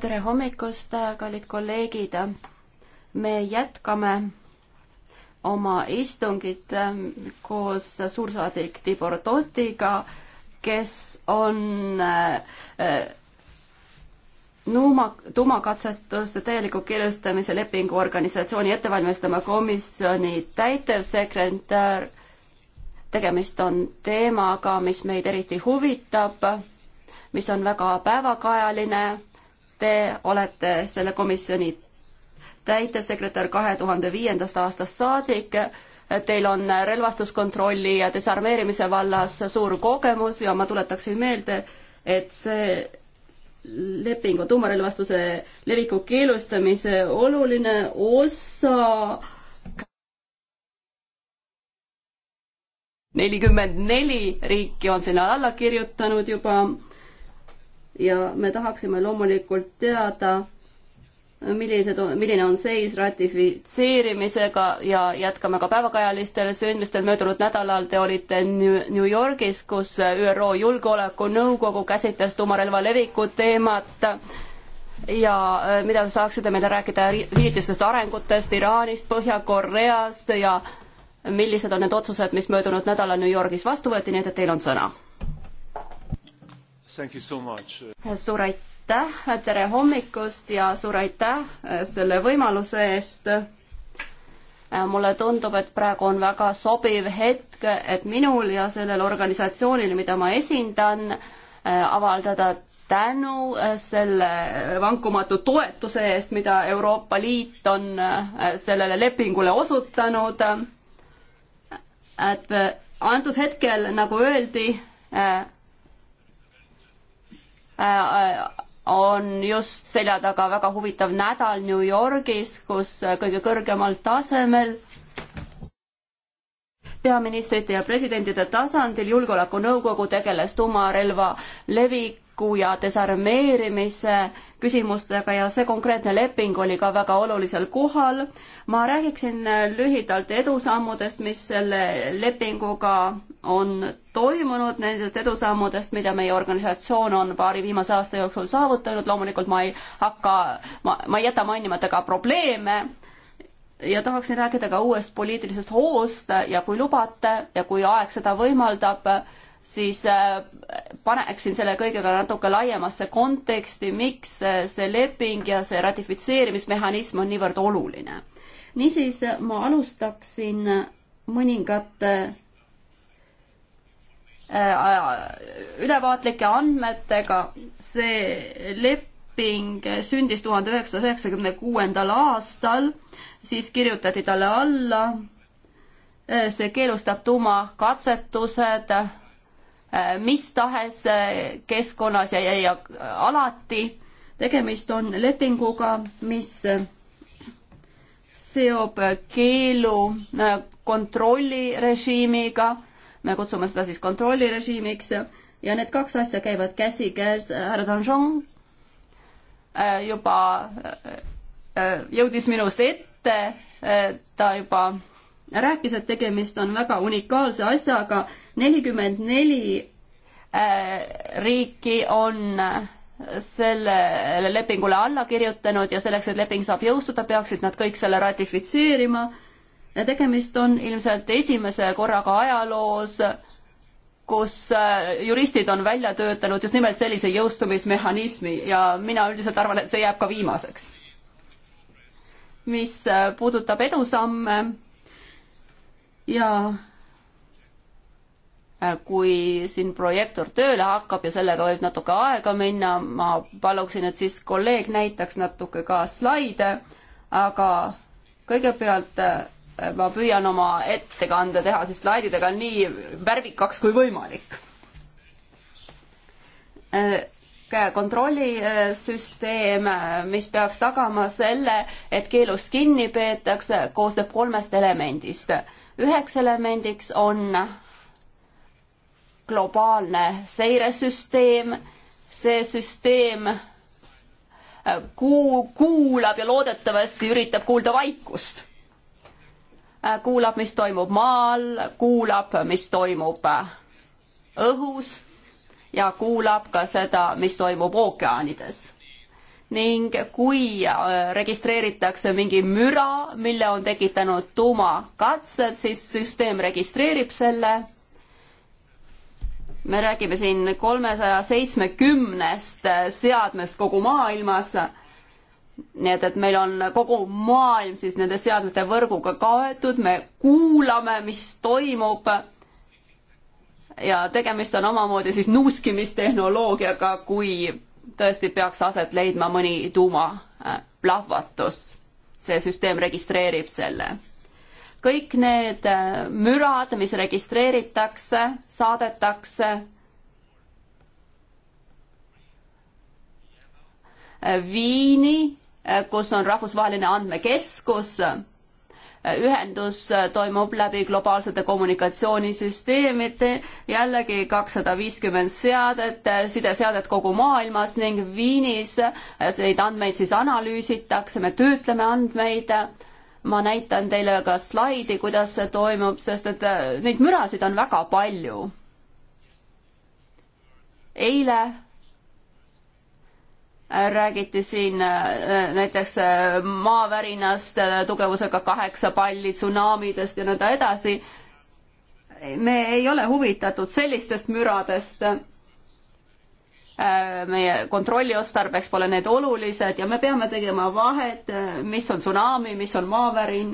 tere hommikust, kallid kolleegid. me jätkame oma istungit ähm, koos suursaadik Tibor Totiga, kes on äh, äh, nuuma, tuumakatsetuste täieliku keelustamise lepingu organisatsiooni ettevalmistama komisjoni täitevsekretär. tegemist on teemaga, mis meid eriti huvitab mis on väga päevakajaline. Te olete selle komisjoni täitevsekretär kahe tuhande viiendast aastast saadik. Teil on relvastuskontrolli ja desarmeerimise vallas suur kogemus ja ma tuletaksin meelde, et see leping on tuumarelvastuse leviku keelustamise oluline osa nelikümmend neli riiki on sinna alla kirjutanud juba ja me tahaksime loomulikult teada, millised on, milline on seis ratifitseerimisega ja jätkame ka päevakajalistel sündmistel. möödunud nädalal te olite New Yorgis, kus ÜRO Julgeolekunõukogu käsitles tuumarelva leviku teemat ja äh, mida te saaksite meile rääkida hiljutistest arengutest Iraanist, Põhja-Koreast ja millised on need otsused, mis möödunud nädalal New Yorgis vastu võeti, nii et teil on sõna suur aitäh, tere hommikust ja suur aitäh eh, selle võimaluse eest. Eh, mulle tundub, et praegu on väga sobiv hetk, et minul ja sellel organisatsioonil, mida ma esindan, eh, avaldada tänu selle vankumatu toetuse eest, mida Euroopa Liit on sellele lepingule osutanud. et antud hetkel, nagu öeldi, Äh, äh, on just selja taga väga huvitav nädal New Yorgis, kus äh, kõige kõrgemal tasemel peaministrite ja presidentide tasandil julgeolekunõukogu tegeles tuumarelva levik julgeoleku ja desarmeerimise küsimustega ja see konkreetne leping oli ka väga olulisel kohal. ma räägiksin lühidalt edusammudest, mis selle lepinguga on toimunud, nendest edusammudest, mida meie organisatsioon on paari viimase aasta jooksul saavutanud, loomulikult ma ei hakka, ma, ma ei jäta mainimata ka probleeme ja tahaksin rääkida ka uuest poliitilisest hoost ja kui lubate ja kui aeg seda võimaldab, siis äh, paneksin selle kõigega natuke laiemasse konteksti, miks äh, see leping ja see ratifitseerimismehhanism on niivõrd oluline. niisiis, äh, ma alustaksin mõningate ülevaatlike andmetega, see leping sündis tuhande üheksasaja üheksakümne kuuendal aastal, siis kirjutati talle alla, see keelustab tuumakatsetused Äh, mis tahes äh, keskkonnas ja, ja, ja alati. tegemist on lepinguga, mis äh, seob keelu kontrollirežiimiga, me kutsume seda siis kontrollirežiimiks ja need kaks asja käivad käsikäes, härra Danjon juba jõudis minust ette, ta juba rääkis, et tegemist on väga unikaalse asjaga nelikümmend neli äh, riiki on sellele lepingule alla kirjutanud ja selleks, et leping saab jõustuda, peaksid nad kõik selle ratifitseerima. tegemist on ilmselt esimese korraga ajaloos, kus äh, juristid on välja töötanud just nimelt sellise jõustumismehhanismi ja mina üldiselt arvan, et see jääb ka viimaseks. mis äh, puudutab edusamme ja Äh, kui siin projektoor tööle hakkab ja sellega võib natuke aega minna, ma paluksin, et siis kolleeg näitaks natuke ka slaide, aga kõigepealt äh, ma püüan oma ettekande teha siis slaididega nii värvikaks kui võimalik. Äh, kontrollisüsteem, mis peaks tagama selle, et keelust kinni peetakse, koosneb kolmest elemendist. üheks elemendiks on globaalne seiresüsteem, see süsteem äh, kuu-, kuulab ja loodetavasti üritab kuulda vaikust. Äh, kuulab, mis toimub maal, kuulab, mis toimub äh, õhus ja kuulab ka seda, mis toimub ookeanides. ning kui registreeritakse mingi müra, mille on tekitanud tuumakatsed, siis süsteem registreerib selle me räägime siin kolmesaja seitsmekümnest seadmest kogu maailmas. nii et, et meil on kogu maailm siis nende seadmete võrguga kaetud, me kuulame, mis toimub. ja tegemist on omamoodi siis nuuskimistehnoloogiaga, kui tõesti peaks aset leidma mõni tuumaplahvatus. Äh, see süsteem registreerib selle kõik need äh, mürad, mis registreeritakse, saadetakse äh, Viini, äh, kus on rahvusvaheline andmekeskus. ühendus toimub läbi globaalsete kommunikatsioonisüsteemide, jällegi kakssada viiskümmend seadet, sideseadet kogu maailmas ning Viinis neid andmeid siis analüüsitakse, me töötleme andmeid ma näitan teile ka slaidi, kuidas see toimub, sest et äh, neid mürasid on väga palju. eile äh, räägiti siin äh, näiteks maavärinast tugevusega kaheksa palli, tsunamidest ja nõnda edasi. me ei ole huvitatud sellistest müradest Äh, meie kontrolli otstarbeks pole need olulised ja me peame tegema vahet, äh, mis on tsunami, mis on maavärin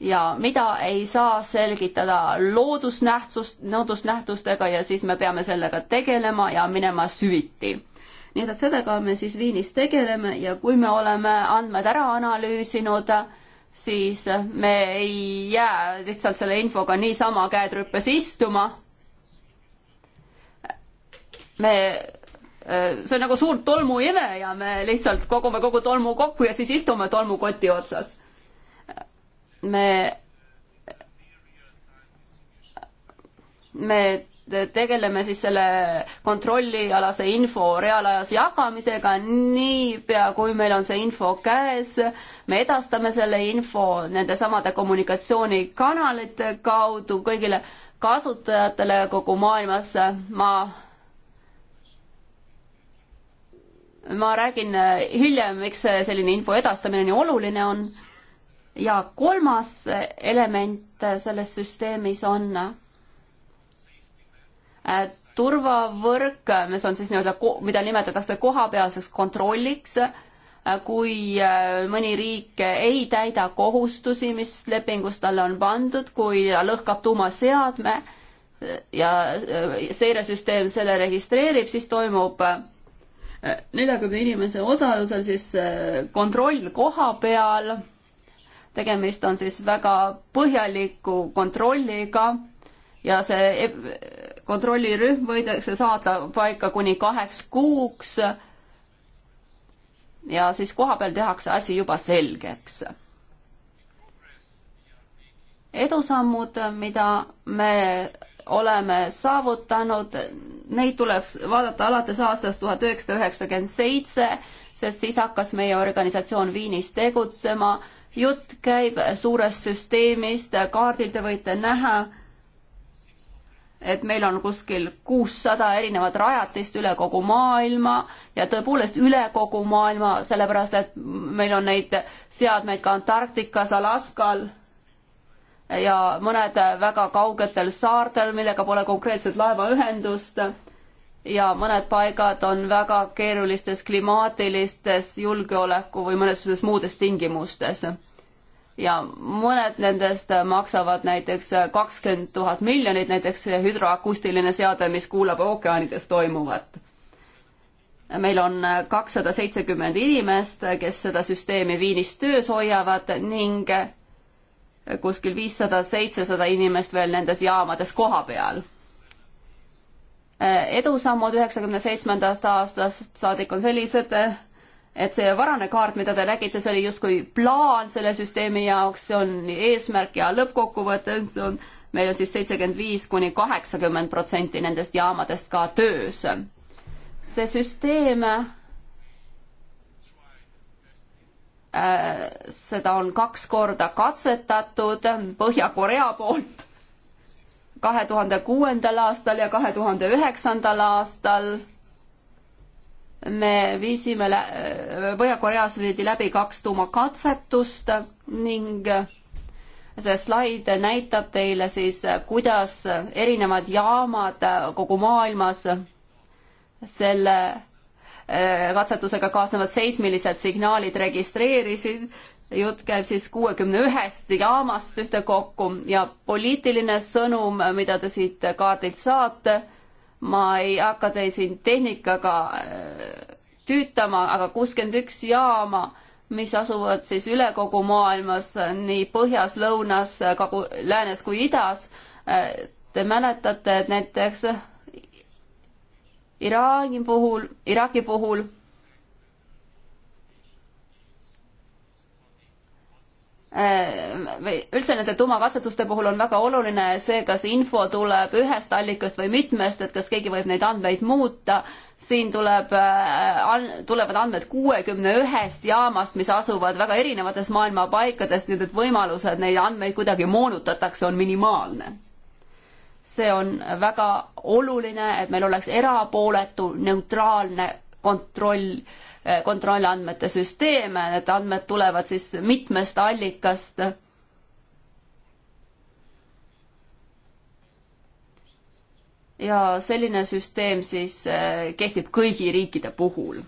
ja mida ei saa selgitada loodusnähtsust, loodusnähtustega ja siis me peame sellega tegelema ja minema süviti. nii et sellega me siis Viinis tegeleme ja kui me oleme andmed ära analüüsinud, siis me ei jää lihtsalt selle infoga niisama käed rüppes istuma. me Eh, see on nagu suur tolmuive ja me lihtsalt kogume kogu tolmu kokku ja siis istume tolmukoti otsas. me, me tegeleme siis selle kontrollialase info reaalajas jagamisega, niipea kui meil on see info käes, me edastame selle info nendesamade kommunikatsioonikanalite kaudu kõigile kasutajatele kogu maailmas. ma ma räägin eh, hiljem, miks selline info edastamine nii oluline on. ja kolmas eh, element eh, selles süsteemis on turvavõrk, mis on siis nii-öelda, mida nimetatakse kohapealseks kontrolliks, kui mõni riik ei täida kohustusi, mis lepingus talle on pandud, kui ta lõhkab tuumaseadme ja seiresüsteem selle registreerib, siis toimub neljakümne inimese osalusel siis äh, kontroll koha peal. tegemist on siis väga põhjaliku kontrolliga ja see e-, kontrollirühm võidakse saada paika kuni kaheks kuuks. ja siis koha peal tehakse asi juba selgeks. edusammud, mida me oleme saavutanud, neid tuleb vaadata alates aastast tuhat üheksasada üheksakümmend seitse, sest siis hakkas meie organisatsioon Viinis tegutsema. jutt käib suurest süsteemist, kaardil te võite näha, et meil on kuskil kuussada erinevat rajatist üle kogu maailma ja tõepoolest üle kogu maailma, sellepärast et meil on neid seadmeid ka Antarktikas, Alaskal ja mõned väga kaugetel saartel, millega pole konkreetset laevaühendust ja mõned paigad on väga keerulistes klimaatilistes julgeoleku või mõnes suhtes muudes tingimustes. ja mõned nendest maksavad näiteks kakskümmend tuhat miljonit, näiteks hüdroakustiline seade, mis kuulab ookeanides toimuvat. meil on kakssada seitsekümmend inimest, kes seda süsteemi Viinis töös hoiavad ning kuskil viissada, seitsesada inimest veel nendes jaamades kohapeal. Äh, edusammud üheksakümne seitsmendast aastast saadik on sellised, et see varane kaart, mida te nägite, see oli justkui plaan selle süsteemi jaoks, see on eesmärk ja lõppkokkuvõte, see on, meil on siis seitsekümmend viis kuni kaheksakümmend protsenti nendest jaamadest ka töös. see süsteem Äh, seda on kaks korda katsetatud Põhja-Korea poolt kahe tuhande kuuendal aastal ja kahe tuhande üheksandal aastal me viisime äh, Põhja-Koreas viidi läbi kaks tuumakatsetust ning see slaid näitab teile siis, kuidas erinevad jaamad kogu maailmas selle Äh, katsetusega kaasnevad seismilised signaalid registreerisid, jutt käib siis kuuekümne ühest jaamast ühtekokku ja poliitiline sõnum, mida te siit kaardilt saate, ma ei hakka teid siin tehnikaga äh, tüütama, aga kuuskümmend üks jaama, mis asuvad siis üle kogu maailmas, nii põhjas, lõunas, kagu, läänes kui idas, äh, te mäletate, et näiteks Iraagi puhul, Iraagi puhul äh, või üldse nende tuumakatsetuste puhul on väga oluline see, kas info tuleb ühest allikast või mitmest, et kas keegi võib neid andmeid muuta. siin tuleb, äh, tulevad andmed kuuekümne ühest jaamast, mis asuvad väga erinevates maailma paikades, nii et võimalused neid andmeid kuidagi moonutatakse, on minimaalne see on väga oluline, et meil oleks erapooletu, neutraalne kontroll, eh, kontrollandmete süsteem, need andmed tulevad siis mitmest allikast. ja selline süsteem siis eh, kehtib kõigi riikide puhul.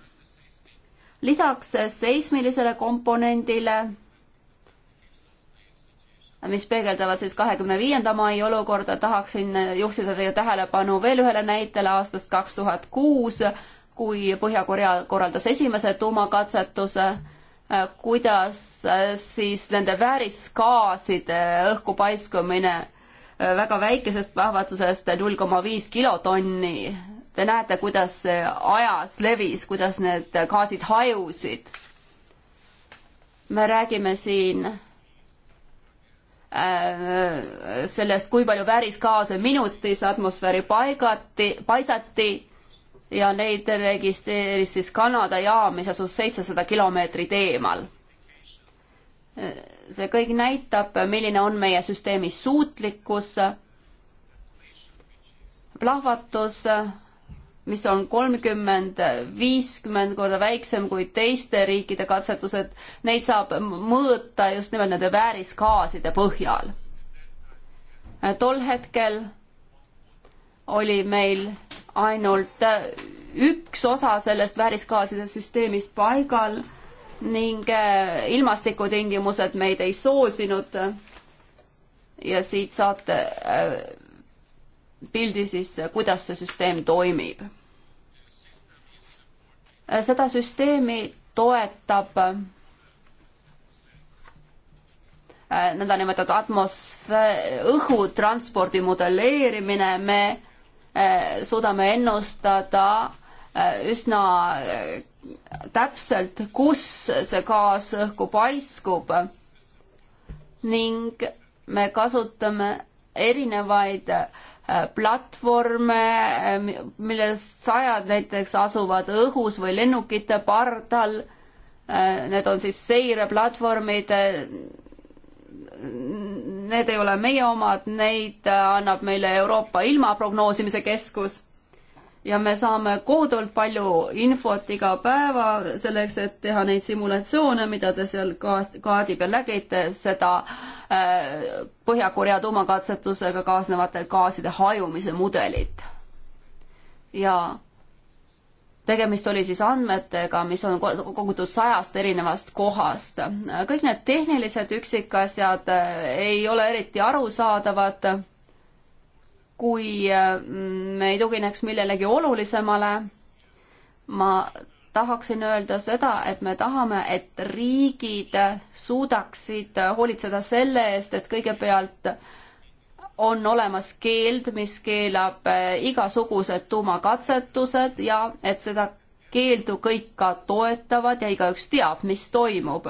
lisaks seismilisele komponendile mis peegeldavad siis kahekümne viienda mai olukorda, tahaksin juhtida teie tähelepanu veel ühele näitele aastast kaks tuhat kuus, kui Põhja-Korea korraldas esimese tuumakatsetuse, kuidas siis nende väärisgaaside õhku paiskumine väga väikesest plahvatusest null koma viis kilotonni, te näete, kuidas see ajas levis, kuidas need gaasid hajusid. me räägime siin Äh, sellest, kui palju väärisgaase minutis atmosfääri paigati, paisati ja neid registreeris siis Kanada jaam, mis asus seitsesada kilomeetrit eemal. see kõik näitab, milline on meie süsteemi suutlikkus. plahvatus mis on kolmkümmend, viiskümmend korda väiksem kui teiste riikide katsetused, neid saab mõõta just nimelt nende väärisgaaside põhjal. tol hetkel oli meil ainult üks osa sellest väärisgaaside süsteemist paigal ning äh, ilmastikutingimused meid ei soosinud. ja siit saate äh, pildi siis, kuidas see süsteem toimib. seda süsteemi toetab äh, nõndanimetatud atmosfäär, õhutranspordi modelleerimine, me äh, suudame ennustada äh, üsna täpselt, kus see gaas õhku paiskub ning me kasutame erinevaid äh, Äh, platvorme, äh, millest sajad näiteks asuvad õhus või lennukite pardal. Äh, need on siis seireplatvormid. Need ei ole meie omad, neid annab meile Euroopa ilmaprognoosimise keskus ja me saame koodult palju infot iga päeva selleks, et teha neid simulatsioone, mida te seal kaardi peal nägite, seda äh, Põhja-Korea tuumakatsetusega kaasnevate gaaside hajumise mudelit. ja tegemist oli siis andmetega, mis on kogutud sajast erinevast kohast. kõik need tehnilised üksikasjad äh, ei ole eriti arusaadavad kui äh, me ei tugineks millelegi olulisemale. ma tahaksin öelda seda, et me tahame, et riigid suudaksid hoolitseda selle eest, et kõigepealt on olemas keeld, mis keelab äh, igasugused tuumakatsetused ja et seda keeldu kõik ka toetavad ja igaüks teab, mis toimub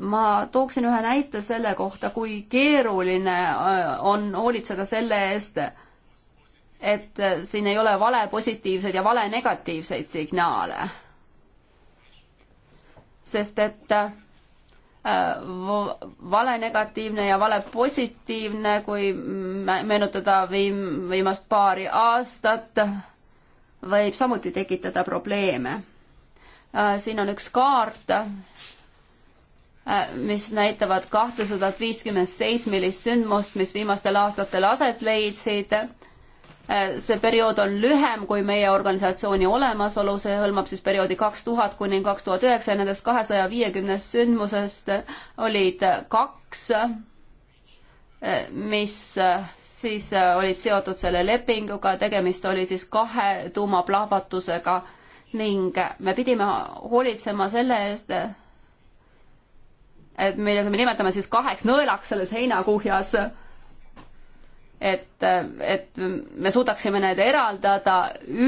ma tooksin ühe näite selle kohta, kui keeruline äh, on hoolitseda selle eest, et siin ei ole vale positiivseid ja vale negatiivseid signaale. sest et äh, vale negatiivne ja vale positiivne, kui meenutada viim-, viimast paari aastat, võib samuti tekitada probleeme. Äh, siin on üks kaart Äh, mis näitavad kahtesadat viiskümmend seismilist sündmust, mis viimastel aastatel aset leidsid. Äh, see periood on lühem kui meie organisatsiooni olemasolu, see hõlmab siis perioodi kaks tuhat kuni kaks tuhat üheksa ja nendest kahesaja viiekümnest sündmusest olid kaks, äh, mis siis olid seotud selle lepinguga, tegemist oli siis kahe tuumaplahvatusega ning me pidime hoolitsema selle eest, et millega me nimetame siis kaheks nõelaks selles heinakuhjas, et, et me suudaksime need eraldada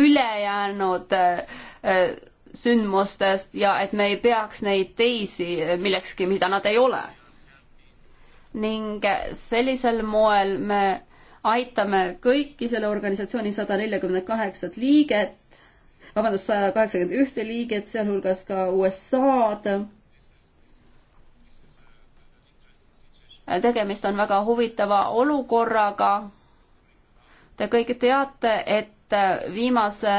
ülejäänud äh, sündmustest ja et me ei peaks neid teisi millekski, mida nad ei ole. ning sellisel moel me aitame kõiki selle organisatsiooni sada neljakümne kaheksat liiget, vabandust, saja kaheksakümmend ühte liiget, sealhulgas ka USA-d tegemist on väga huvitava olukorraga. Te kõik teate, et viimase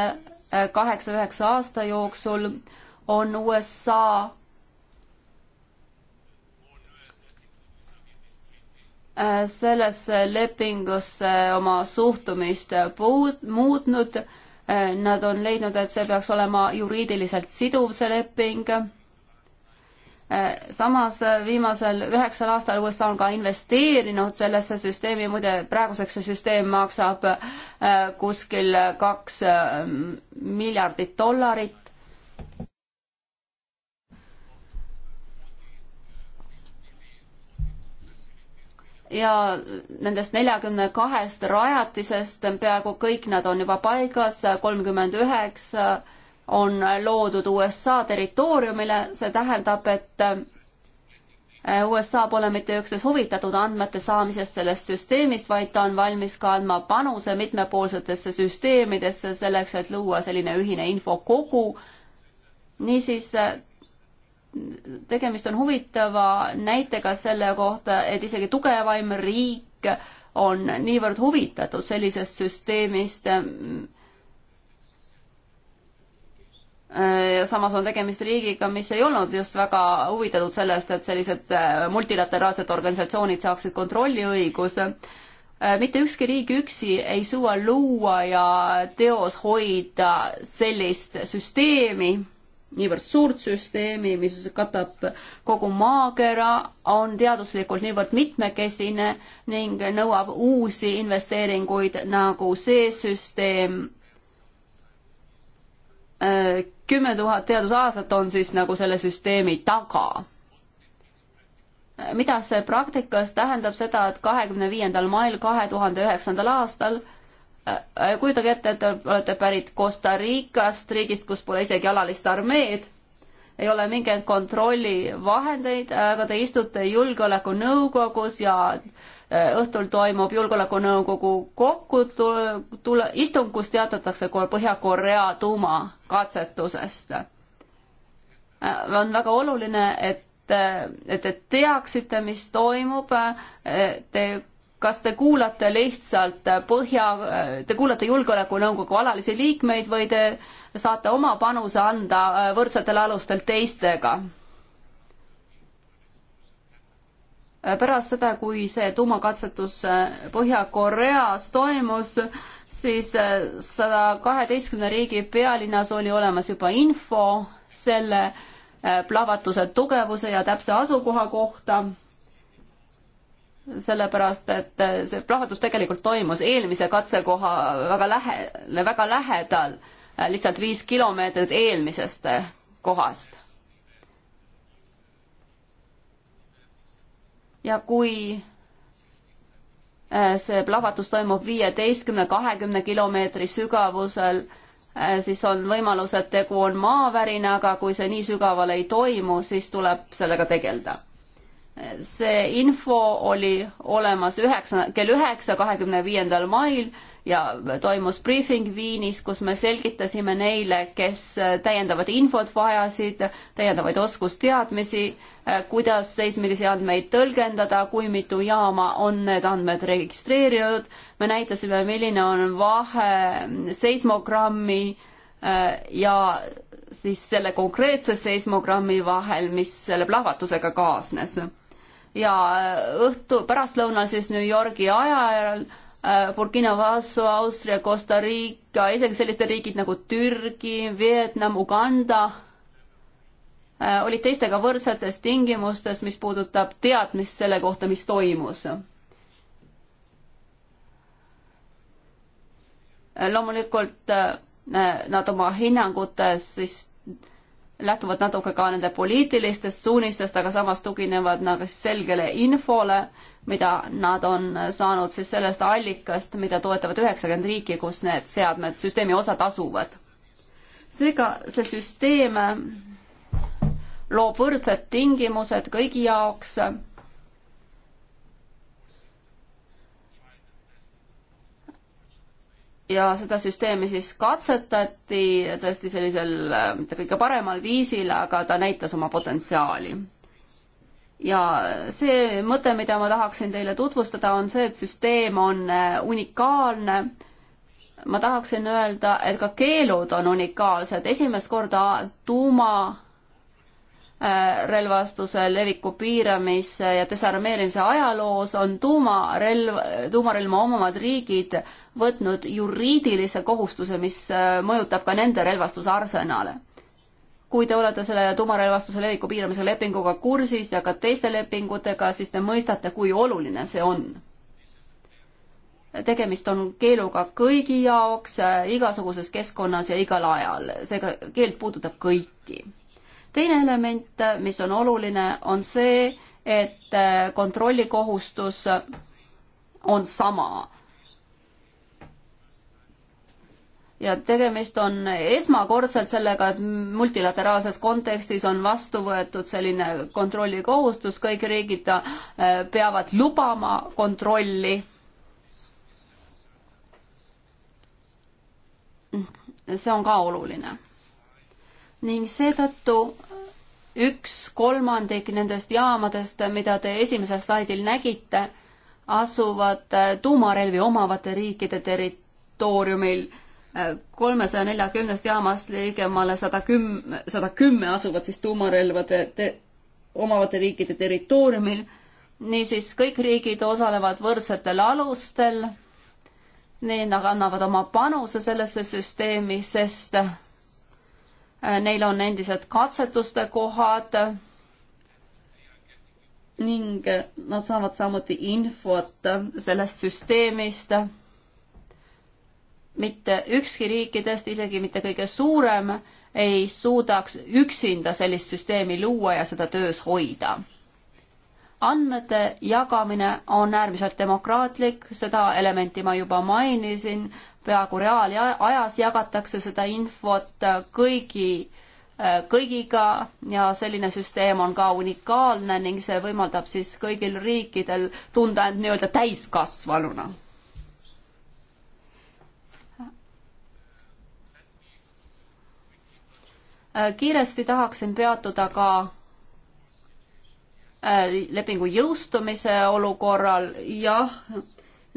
eh, kaheksa-üheksa aasta jooksul on USA sellesse lepingusse oma suhtumist puud-, muutnud. Nad on leidnud, et see peaks olema juriidiliselt siduv, see leping Äh, samas äh, viimasel üheksal aastal USA on ka investeerinud sellesse süsteemi, muide praeguseks see süsteem maksab äh, kuskil kaks miljardit dollarit. ja nendest neljakümne kahest rajatisest peaaegu kõik nad on juba paigas, kolmkümmend üheksa on loodud USA territooriumile, see tähendab, et äh, USA pole mitte üksnes huvitatud andmete saamisest sellest süsteemist, vaid ta on valmis ka andma panuse mitmepoolsetesse süsteemidesse selleks, et luua selline ühine infokogu. niisiis äh, tegemist on huvitava näitega selle kohta, et isegi tugevaim riik on niivõrd huvitatud sellisest süsteemist, Äh, ja samas on tegemist riigiga, mis ei olnud just väga huvitatud sellest, et sellised äh, multilateraalsed organisatsioonid saaksid kontrolliõiguse. Äh, mitte ükski riik üksi ei suuda luua ja teos hoida sellist süsteemi, niivõrd suurt süsteemi, mis katab kogu maakera, on teaduslikult niivõrd mitmekesine ning nõuab uusi investeeringuid, nagu see süsteem kümme tuhat teadusaastat on siis nagu selle süsteemi taga. mida see praktikas tähendab seda, et kahekümne viiendal mail kahe tuhande üheksandal aastal äh, kujutage ette, et te olete pärit Costa Ricast, riigist, kus pole isegi alalist armeed ei ole mingeid kontrollivahendeid, aga te istute julgeolekunõukogus ja äh, õhtul toimub julgeolekunõukogu kokku tule, istung, kus teatatakse Põhja-Korea tuumakatsetusest. Äh, on väga oluline, et et, äh, et te teaksite, mis toimub, te kas te kuulate lihtsalt põhja, te kuulate Julgeolekunõukogu alalisi liikmeid või te saate oma panuse anda võrdsetel alustel teistega? pärast seda, kui see tuumakatsetus Põhja-Koreas toimus, siis sada kaheteistkümne riigi pealinnas oli olemas juba info selle plahvatuse tugevuse ja täpse asukoha kohta sellepärast et eh, see plahvatus tegelikult toimus eelmise katsekoha väga lähedal, väga lähedal, eh, lihtsalt viis kilomeetrit eelmisest eh, kohast. ja kui see plahvatus toimub viieteistkümne, kahekümne kilomeetri sügavusel, siis on võimalus, et tegu on maavärinaga, kui see nii sügaval ei toimu, siis tuleb sellega tegeleda see info oli olemas üheksa, kell üheksa, kahekümne viiendal mail ja toimus briefing Viinis, kus me selgitasime neile, kes täiendavat infot vajasid, täiendavaid oskusteadmisi, äh, kuidas seismilisi andmeid tõlgendada, kui mitu jaama on need andmed registreerinud. me näitasime, milline on vahe seismogrammi äh, ja siis selle konkreetse seismogrammi vahel, mis selle plahvatusega kaasnes ja äh, õhtu, pärastlõunal siis New Yorgi aja järel äh, Burkina Faso, Austria, Costa Rica, isegi sellised riigid nagu Türgi, Vietnam, Uganda äh, olid teistega võrdsetes tingimustes, mis puudutab teadmist selle kohta, mis toimus. loomulikult nad oma hinnangutes siis lähtuvad natuke ka nende poliitilistest suunistest, aga samas tuginevad nagu selgele infole, mida nad on saanud siis sellest allikast, mida toetavad üheksakümmend riiki, kus need seadmed, süsteemi osad asuvad. seega see süsteem loob võrdsed tingimused kõigi jaoks ja seda süsteemi siis katsetati tõesti sellisel äh, mitte kõige paremal viisil, aga ta näitas oma potentsiaali. ja see mõte, mida ma tahaksin teile tutvustada, on see, et süsteem on äh, unikaalne. ma tahaksin öelda, et ka keelud on unikaalsed, esimest korda tuuma relvastuse leviku piiramise ja desarmeerimise ajaloos on tuumarelv, tuumarelva omavad riigid võtnud juriidilise kohustuse, mis äh, mõjutab ka nende relvastuse arsenale. kui te olete selle tuumarelvastuse leviku piiramise lepinguga kursis ja ka teiste lepingutega, siis te mõistate, kui oluline see on tegemist on keeluga kõigi jaoks, äh, igasuguses keskkonnas ja igal ajal, seega keeld puudutab kõiki teine element, mis on oluline, on see, et äh, kontrollikohustus on sama. ja tegemist on esmakordselt sellega, et multilateraalses kontekstis on vastu võetud selline kontrollikohustus, kõik riigid äh, peavad lubama kontrolli see on ka oluline ning seetõttu üks kolmandik nendest jaamadest, mida te esimesel slaidil nägite, asuvad äh, tuumarelvi omavate riikide territooriumil. Äh, kolmesaja neljakümnest jaamast ligemale sada kümme, sada kümme asuvad siis tuumarelvade te-, omavate riikide territooriumil. niisiis, kõik riigid osalevad võrdsetel alustel, need annavad oma panuse sellesse süsteemi, sest Äh, neil on endised katsetuste kohad ning äh, nad saavad samuti infot äh, sellest süsteemist. mitte ükski riikidest, isegi mitte kõige suurem, ei suudaks üksinda sellist süsteemi luua ja seda töös hoida andmete jagamine on äärmiselt demokraatlik, seda elementi ma juba mainisin, peaaegu reaalajas jagatakse seda infot äh, kõigi, äh, kõigiga ja selline süsteem on ka unikaalne ning see võimaldab siis kõigil riikidel tunda end nii-öelda täiskasvanuna. Äh, kiiresti tahaksin peatuda ka Äh, lepingu jõustumise olukorral, jah,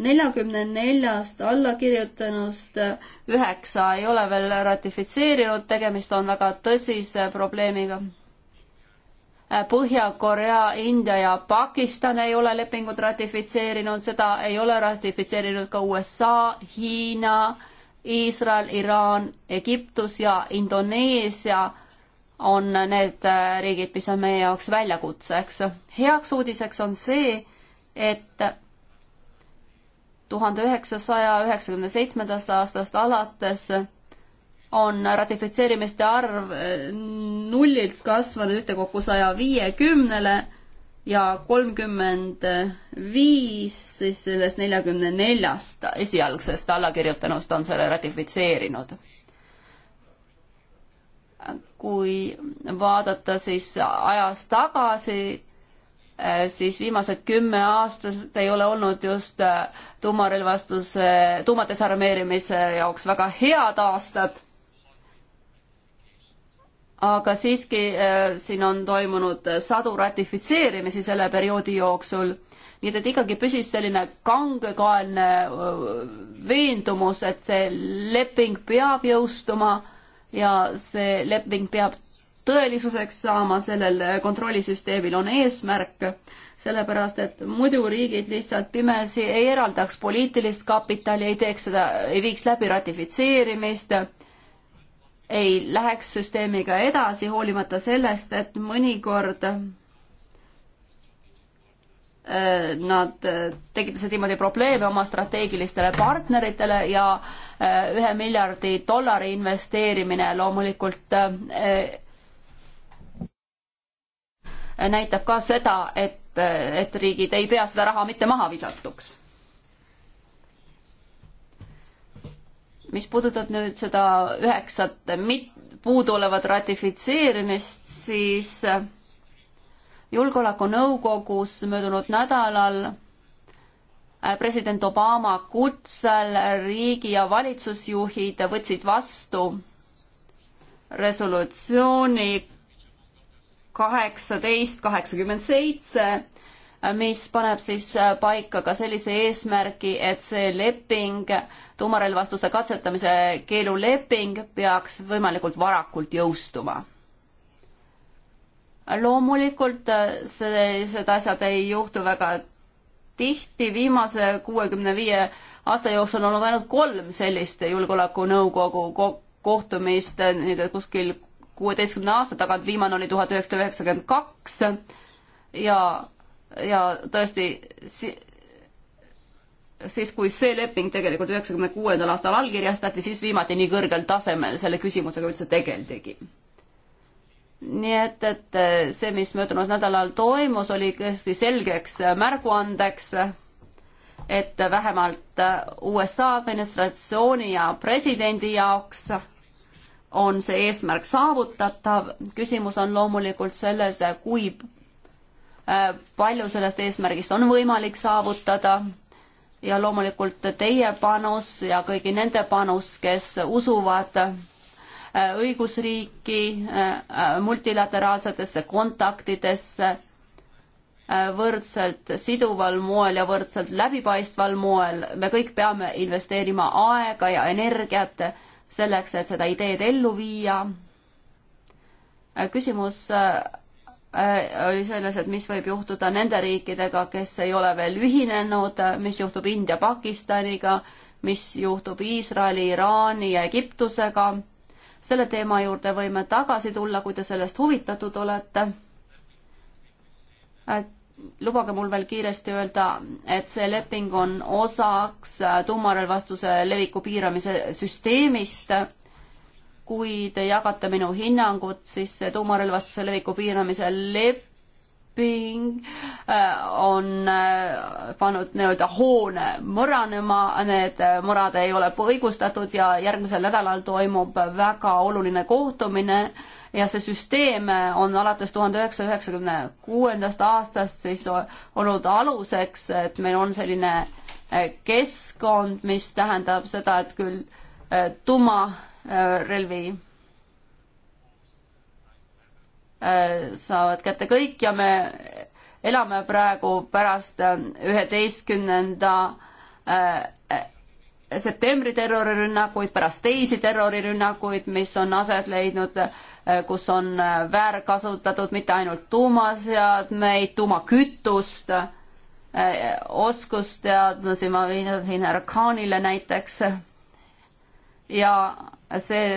neljakümne neljast allakirjutanust äh, üheksa ei ole veel ratifitseerinud, tegemist on väga tõsise probleemiga. Äh, Põhja-Korea, India ja Pakistan ei ole lepingut ratifitseerinud, seda ei ole ratifitseerinud ka USA, Hiina, Iisrael, Iraan, Egiptus ja Indoneesia on need äh, riigid, mis on meie jaoks väljakutseks. heaks uudiseks on see, et tuhande üheksasaja üheksakümne seitsmendast aastast alates on ratifitseerimiste arv äh, nullilt kasvanud ühtekokku saja viiekümnele ja kolmkümmend viis siis sellest neljakümne neljast esialgsest allakirjutanust on selle ratifitseerinud kui vaadata siis ajas tagasi, eh, siis viimased kümme aastat ei ole olnud just eh, tuumarelvastuse, tuumadesarmeerimise jaoks väga head aastad. aga siiski eh, siin on toimunud sadu ratifitseerimisi selle perioodi jooksul, nii et, et ikkagi püsis selline kangekaelne veendumus, et see leping peab jõustuma ja see leping peab tõelisuseks saama, sellel kontrollisüsteemil on eesmärk, sellepärast et muidu riigid lihtsalt pimesi ei eraldaks poliitilist kapitali, ei teeks seda, ei viiks läbi ratifitseerimist, ei läheks süsteemiga edasi, hoolimata sellest, et mõnikord Äh, nad äh, tekitasid niimoodi probleeme oma strateegilistele partneritele ja äh, ühe miljardi dollari investeerimine loomulikult näitab ka seda, et, et riigid ei pea seda raha mitte maha visatuks mis puudutab nüüd seda üheksat mit-, puuduolevat ratifitseerimist, siis julgeolekunõukogus möödunud nädalal äh, president Obama kutsel riigi ja valitsusjuhid võtsid vastu resolutsiooni kaheksateist kaheksakümmend seitse, äh, mis paneb siis äh, paika ka sellise eesmärgi, et see leping, tuumarelvastuse katsetamise keeluleping peaks võimalikult varakult jõustuma loomulikult äh, sellised asjad ei juhtu väga tihti, viimase kuuekümne viie aasta jooksul on olnud ainult kolm sellist julgeolekunõukogu kohtumist, nii et kuskil kuueteistkümne aasta tagant, viimane oli tuhat üheksasada üheksakümmend kaks ja, ja tõesti si siis, kui see leping tegelikult üheksakümne kuuendal aastal allkirjastati, siis viimati nii kõrgel tasemel selle küsimusega üldse tegeldigi nii et, et äh, see, mis möödunud nädalal toimus, oli tõesti selgeks äh, märguandeks, et vähemalt äh, USA administratsiooni ja presidendi jaoks on see eesmärk saavutatav. küsimus on loomulikult selles, kui palju sellest eesmärgist on võimalik saavutada ja loomulikult teie panus ja kõigi nende panus, kes usuvad Äh, õigusriiki, äh, multilateraalsetesse kontaktidesse äh, võrdselt siduval moel ja võrdselt läbipaistval moel. me kõik peame investeerima aega ja energiat selleks, et seda ideed ellu viia. küsimus oli selles, et mis võib juhtuda nende riikidega, kes ei ole veel ühinenud, mis juhtub India, Pakistaniga, mis juhtub Iisraeli, Iraani ja Egiptusega selle teema juurde võime tagasi tulla, kui te sellest huvitatud olete. Äh, lubage mul veel kiiresti öelda, et see leping on osaks äh, tuumarelvastuse leviku piiramise süsteemist. kui te jagate minu hinnangut, siis see tuumarelvastuse leviku piiramise leping Jinping äh, on äh, pannud nii-öelda hoone mõranema, need äh, mõrad ei ole õigustatud ja järgmisel nädalal toimub väga oluline kohtumine ja see süsteem on alates tuhande üheksasaja üheksakümne kuuendast aastast siis olnud aluseks, et meil on selline keskkond, mis tähendab seda, et küll tuumarelvi Äh, saavad kätte kõik ja me elame praegu pärast äh, üheteistkümnenda äh, septembri terrorirünnakuid, pärast teisi terrorirünnakuid, mis on aset leidnud, kus on väärkasutatud mitte ainult tuumaseadmeid, tuumakütust, oskusteadlasi, ma viin siin härra Kaanile näiteks ja see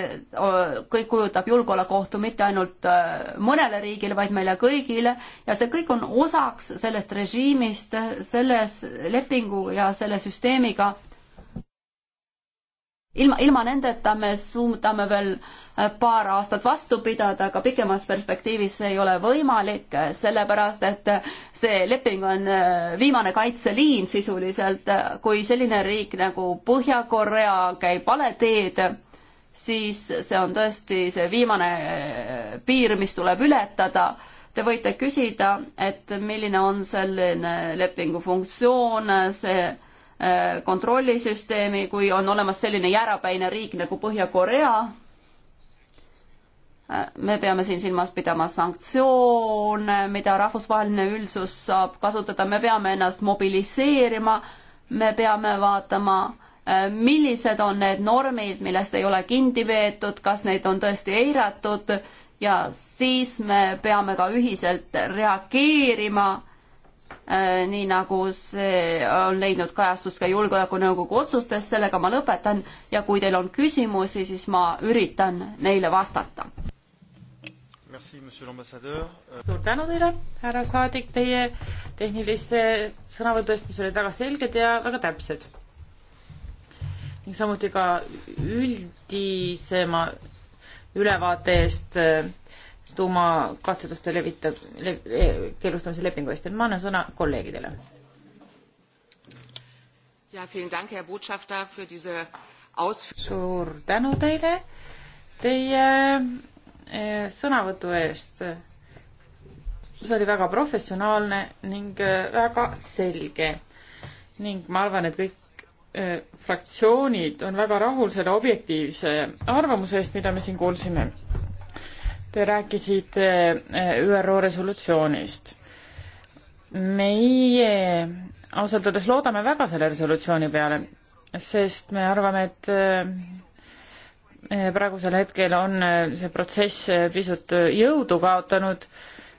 kõik kujutab julgeolekuohtu mitte ainult äh, mõnele riigile, vaid meile kõigile ja see kõik on osaks sellest režiimist, selles lepingu ja selle süsteemiga, ilma, ilma nendeta me suudame veel äh, paar aastat vastu pidada, aga pikemas perspektiivis see ei ole võimalik, äh, sellepärast et äh, see leping on viimane kaitseliin sisuliselt. kui selline riik nagu Põhja-Korea käib vale teed, siis see on tõesti see viimane piir, mis tuleb ületada te võite küsida, et milline on selline lepingu funktsioon, see Äh, kontrollisüsteemi, kui on olemas selline jäärapäine riik nagu Põhja-Korea. Äh, me peame siin silmas pidama sanktsioone, mida rahvusvaheline üldsus saab kasutada, me peame ennast mobiliseerima, me peame vaatama, äh, millised on need normid, millest ei ole kinni veetud, kas neid on tõesti eiratud ja siis me peame ka ühiselt reageerima Äh, nii nagu see on leidnud kajastust ka Julgeolekunõukogu otsustes, sellega ma lõpetan ja kui teil on küsimusi, siis ma üritan neile vastata. Euh, suur tänu teile, härra saadik, teie tehniliste sõnavõtu eest, mis olid väga selged ja väga täpsed. ning samuti ka üldisema ülevaate eest äh, tuumakatsetuste levita- le,, e, keelustamise lepingu eest ja ma annan sõna kolleegidele. suur tänu teile teie e, sõnavõtu eest. see oli väga professionaalne ning e, väga selge ning ma arvan, et kõik fraktsioonid on väga rahul selle objektiivse arvamuse eest, mida me siin kuulsime. Te rääkisite eh, ÜRO resolutsioonist. meie ausalt öeldes loodame väga selle resolutsiooni peale, sest me arvame, et eh, eh, praegusel hetkel on see protsess pisut jõudu kaotanud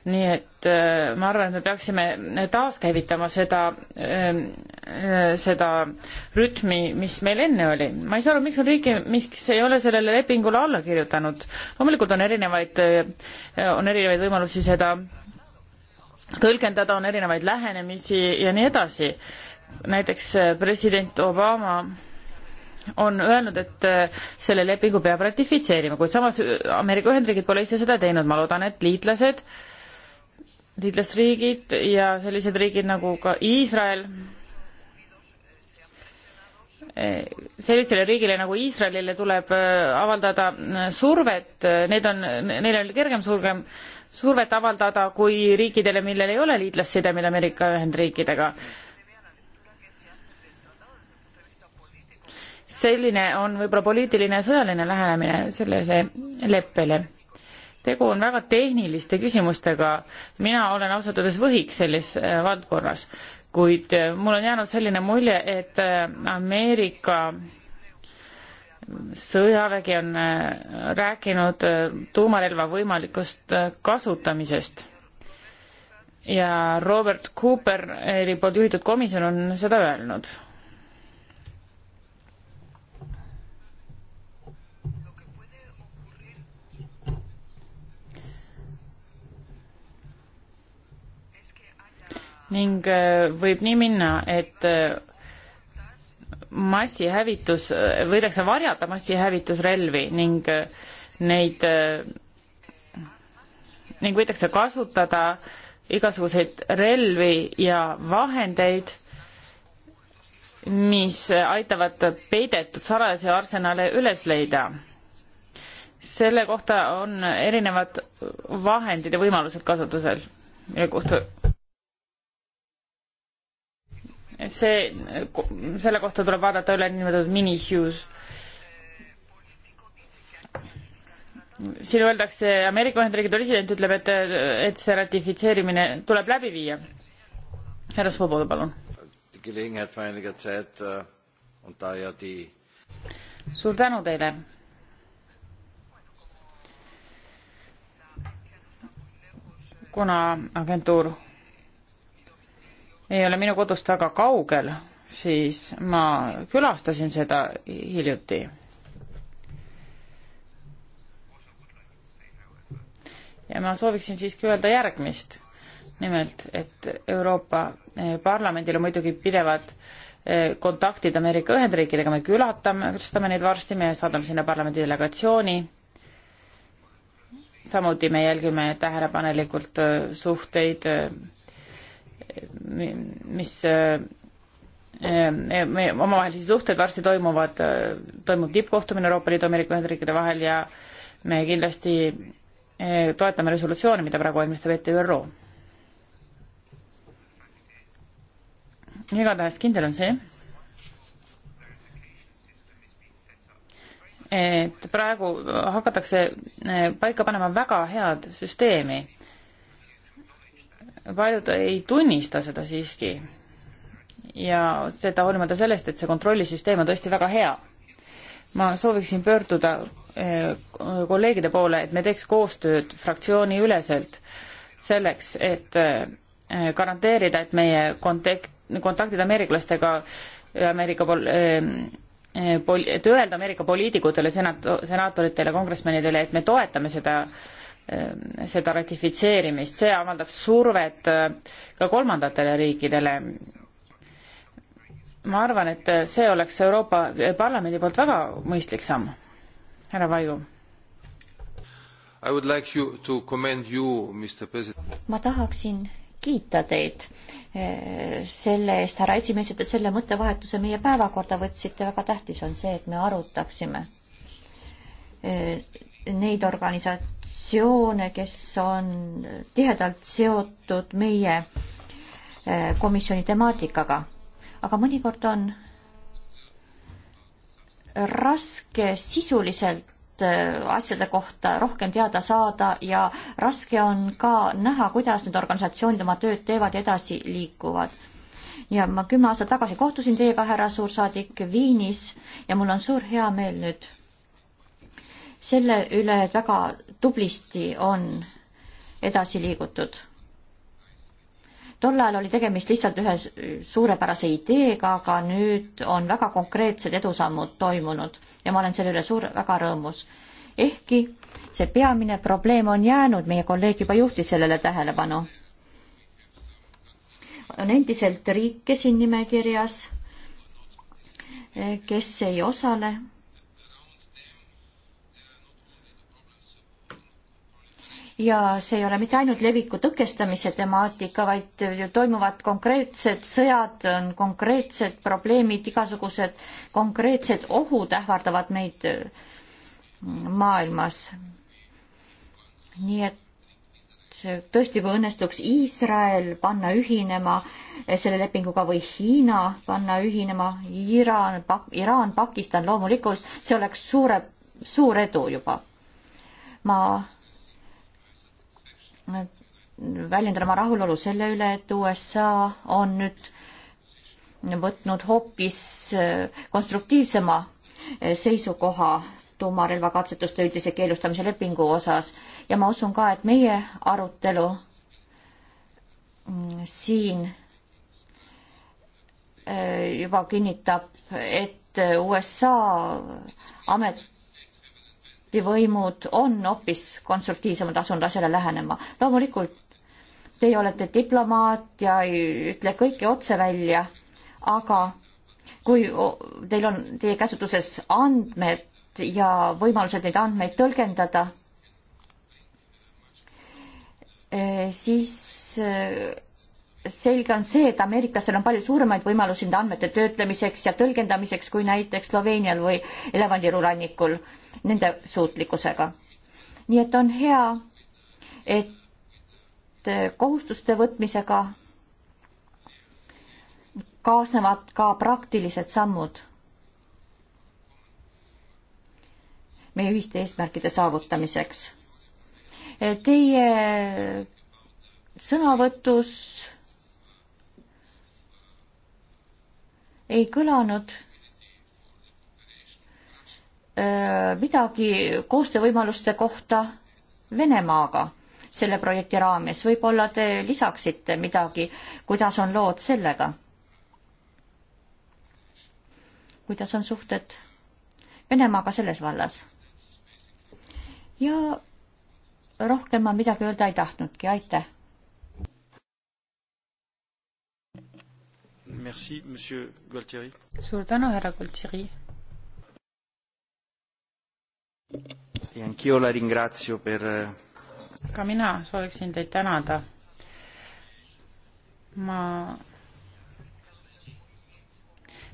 nii et äh, ma arvan, et me peaksime taaskäivitama seda, ähm, äh, seda rütmi, mis meil enne oli. ma ei saa aru, miks on riike, miks ei ole sellele lepingule alla kirjutanud. loomulikult on erinevaid, äh, on erinevaid võimalusi seda tõlgendada, on erinevaid lähenemisi ja nii edasi. näiteks president Obama on öelnud, et selle lepingu peab ratifitseerima, kuid samas Ameerika Ühendriigid pole ise seda teinud, ma loodan, et liitlased äh, liitlasriigid ja sellised riigid nagu ka Iisrael, sellisele riigile nagu Iisraelile tuleb äh, avaldada äh, survet, need on, neil on kergem surgem survet avaldada kui riikidele, millel ei ole liitlassidemeid Ameerika Ühendriikidega. selline on võib-olla poliitiline ja sõjaline lähenemine sellele leppele tegu on väga tehniliste küsimustega, mina olen ausalt öeldes võhik selles äh, valdkonnas, kuid äh, mul on jäänud selline mulje, et äh, Ameerika sõjavägi on rääkinud tuumarelva võimalikust kasutamisest ja Robert Cooper poolt juhitud komisjon on seda öelnud ning äh, võib nii minna, et äh, massihävitus, äh, võidakse varjata massihävitusrelvi ning neid ning võidakse kasutada igasuguseid relvi ja vahendeid, mis aitavad peidetud salajasi arsenale üles leida. selle kohta on erinevad vahendid ja võimalused kasutusel, mille kohta see, selle kohta tuleb vaadata üle niinimetatud mini-Hughes. siin öeldakse, Ameerika Ühendriikide president ütleb, et, et see ratifitseerimine tuleb läbi viia. härra Svoboda, palun. suur tänu teile kuna agentuur ei ole minu kodust väga kaugel, siis ma külastasin seda hiljuti. ja ma sooviksin siiski öelda järgmist. nimelt, et Euroopa eh, Parlamendil on muidugi pidevad eh, kontaktid Ameerika Ühendriikidega, me külatame, külastame neid varsti, me saadame sinna parlamendi delegatsiooni samuti me jälgime tähelepanelikult eh, suhteid mis äh, äh, meie omavahelisi suhteid varsti toimuvad, äh, toimub tippkohtumine Euroopa Liidu, Ameerika Ühendriikide vahel ja me kindlasti toetame resolutsiooni, mida praegu valmistab ette ÜRO. igatahes kindel on see, et praegu hakatakse paika panema väga head süsteemi paljud ei tunnista seda siiski. ja seda hoolimata sellest, et see kontrollisüsteem on tõesti väga hea. ma sooviksin pöörduda eh, kolleegide poole, et me teeks koostööd fraktsiooniüleselt selleks, et eh, garanteerida, et meie kontakt, kontaktid ameeriklastega Ameerika pol-, eh, pol-, et öelda Ameerika poliitikutele, senat-, senaatoritele, kongressmenidele, et me toetame seda äh, Ähm, seda ratifitseerimist, see avaldab survet äh, ka kolmandatele riikidele. ma arvan, et äh, see oleks Euroopa äh, Parlamendi poolt väga mõistlik samm. härra Vaigu. I would like you to commend you, Mr President. ma tahaksin kiita teid selle eest, härra esimees, et te selle mõttevahetuse meie päevakorda võtsite, väga tähtis on see, et me arutaksime neid organisatsioone, kes on tihedalt seotud meie eh, komisjoni temaatikaga. aga mõnikord on raske sisuliselt eh, asjade kohta rohkem teada saada ja raske on ka näha, kuidas need organisatsioonid oma tööd teevad ja edasi liikuvad. ja ma kümme aastat tagasi kohtusin teiega, härra suursaadik, Viinis ja mul on suur heameel nüüd selle üle, et väga tublisti on edasi liigutud. tol ajal oli tegemist lihtsalt ühe suurepärase ideega, aga nüüd on väga konkreetsed edusammud toimunud ja ma olen selle üle suur, väga rõõmus. ehkki see peamine probleem on jäänud, meie kolleeg juba juhtis sellele tähelepanu. on endiselt riike siin nimekirjas, kes ei osale ja see ei ole mitte ainult leviku tõkestamise temaatika, vaid toimuvad konkreetsed sõjad, on konkreetsed probleemid, igasugused konkreetsed ohud ähvardavad meid äh, maailmas. nii et äh, tõesti, kui õnnestuks Iisrael panna ühinema äh, selle lepinguga või Hiina panna ühinema, Iraan, Iraan, Pakistan loomulikult, see oleks suure, suur edu juba. ma väljendan oma rahulolu selle üle, et USA on nüüd võtnud hoopis äh, konstruktiivsema äh, seisukoha tuumarelvakatsetuste üldise keelustamise lepingu osas ja ma usun ka, et meie arutelu mm, siin äh, juba kinnitab, et USA amet ametivõimud on hoopis konstruktiivsemal tasandil asjale lähenema. loomulikult teie olete diplomaat ja ei ütle kõike otse välja, aga kui teil on teie käsutuses andmed ja võimalused neid andmeid tõlgendada, eh, siis eh, selge on see, et ameeriklastel on palju suuremaid võimalusi nende andmete töötlemiseks ja tõlgendamiseks kui näiteks Sloveenial või elevandirurannikul nende suutlikkusega. nii et on hea, et äh, kohustuste võtmisega kaasnevad ka praktilised sammud meie ühiste eesmärkide saavutamiseks. Äh, teie sõnavõtus ei kõlanud äh, midagi koostöövõimaluste kohta Venemaaga selle projekti raames. võib-olla te lisaksite midagi, kuidas on lood sellega? kuidas on suhted Venemaaga selles vallas? ja rohkem ma midagi öelda ei tahtnudki, aitäh Merci, monsieur Gualtieri. suur tänu, härra Gualtieri. E eh, ka mina sooviksin teid tänada. ma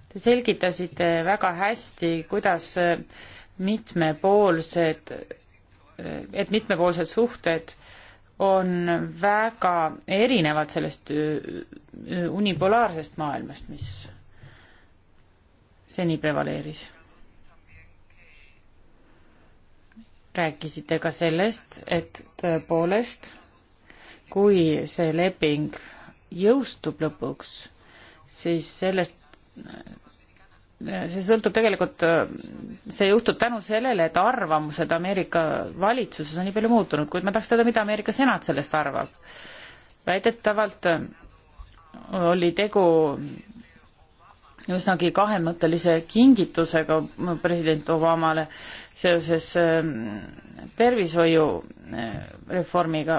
Te selgitasite väga hästi, kuidas eh, mitmepoolsed, eh, et mitmepoolsed suhted on väga erinevad sellest äh, äh, unipolaarsest maailmast, mis seni prevaleeris. rääkisite ka sellest, et tõepoolest, kui see leping jõustub lõpuks, siis sellest see sõltub tegelikult, see juhtub tänu sellele, et arvamused Ameerika valitsuses on nii palju muutunud, kuid ma tahaks teada, mida Ameerika senat sellest arvab. väidetavalt oli tegu üsnagi kahemõttelise kingitusega president Obamale seoses ähm, tervishoiureformiga.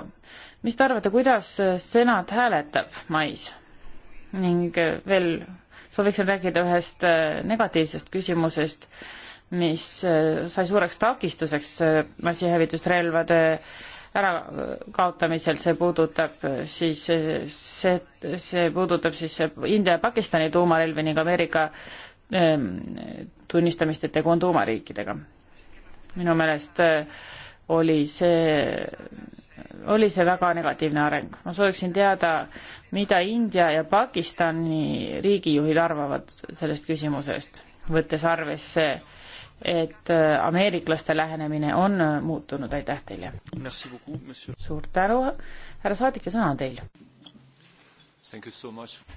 mis te arvate, kuidas senat hääletab mais ning äh, veel sooviksin rääkida ühest äh, negatiivsest küsimusest, mis äh, sai suureks takistuseks äh, massihävitusrelvade ärakaotamisel, see puudutab siis, see, see puudutab siis India ja Pakistani tuumarelvi ning Ameerika ähm, tunnistamist, et tegu on tuumariikidega. minu meelest oli see oli see väga negatiivne areng. ma sooviksin teada, mida India ja Pakistani riigijuhid arvavad sellest küsimusest, võttes arvesse, et äh, ameeriklaste lähenemine on äh, muutunud, aitäh teile! suur tänu, härra saadik ja sõna on teil!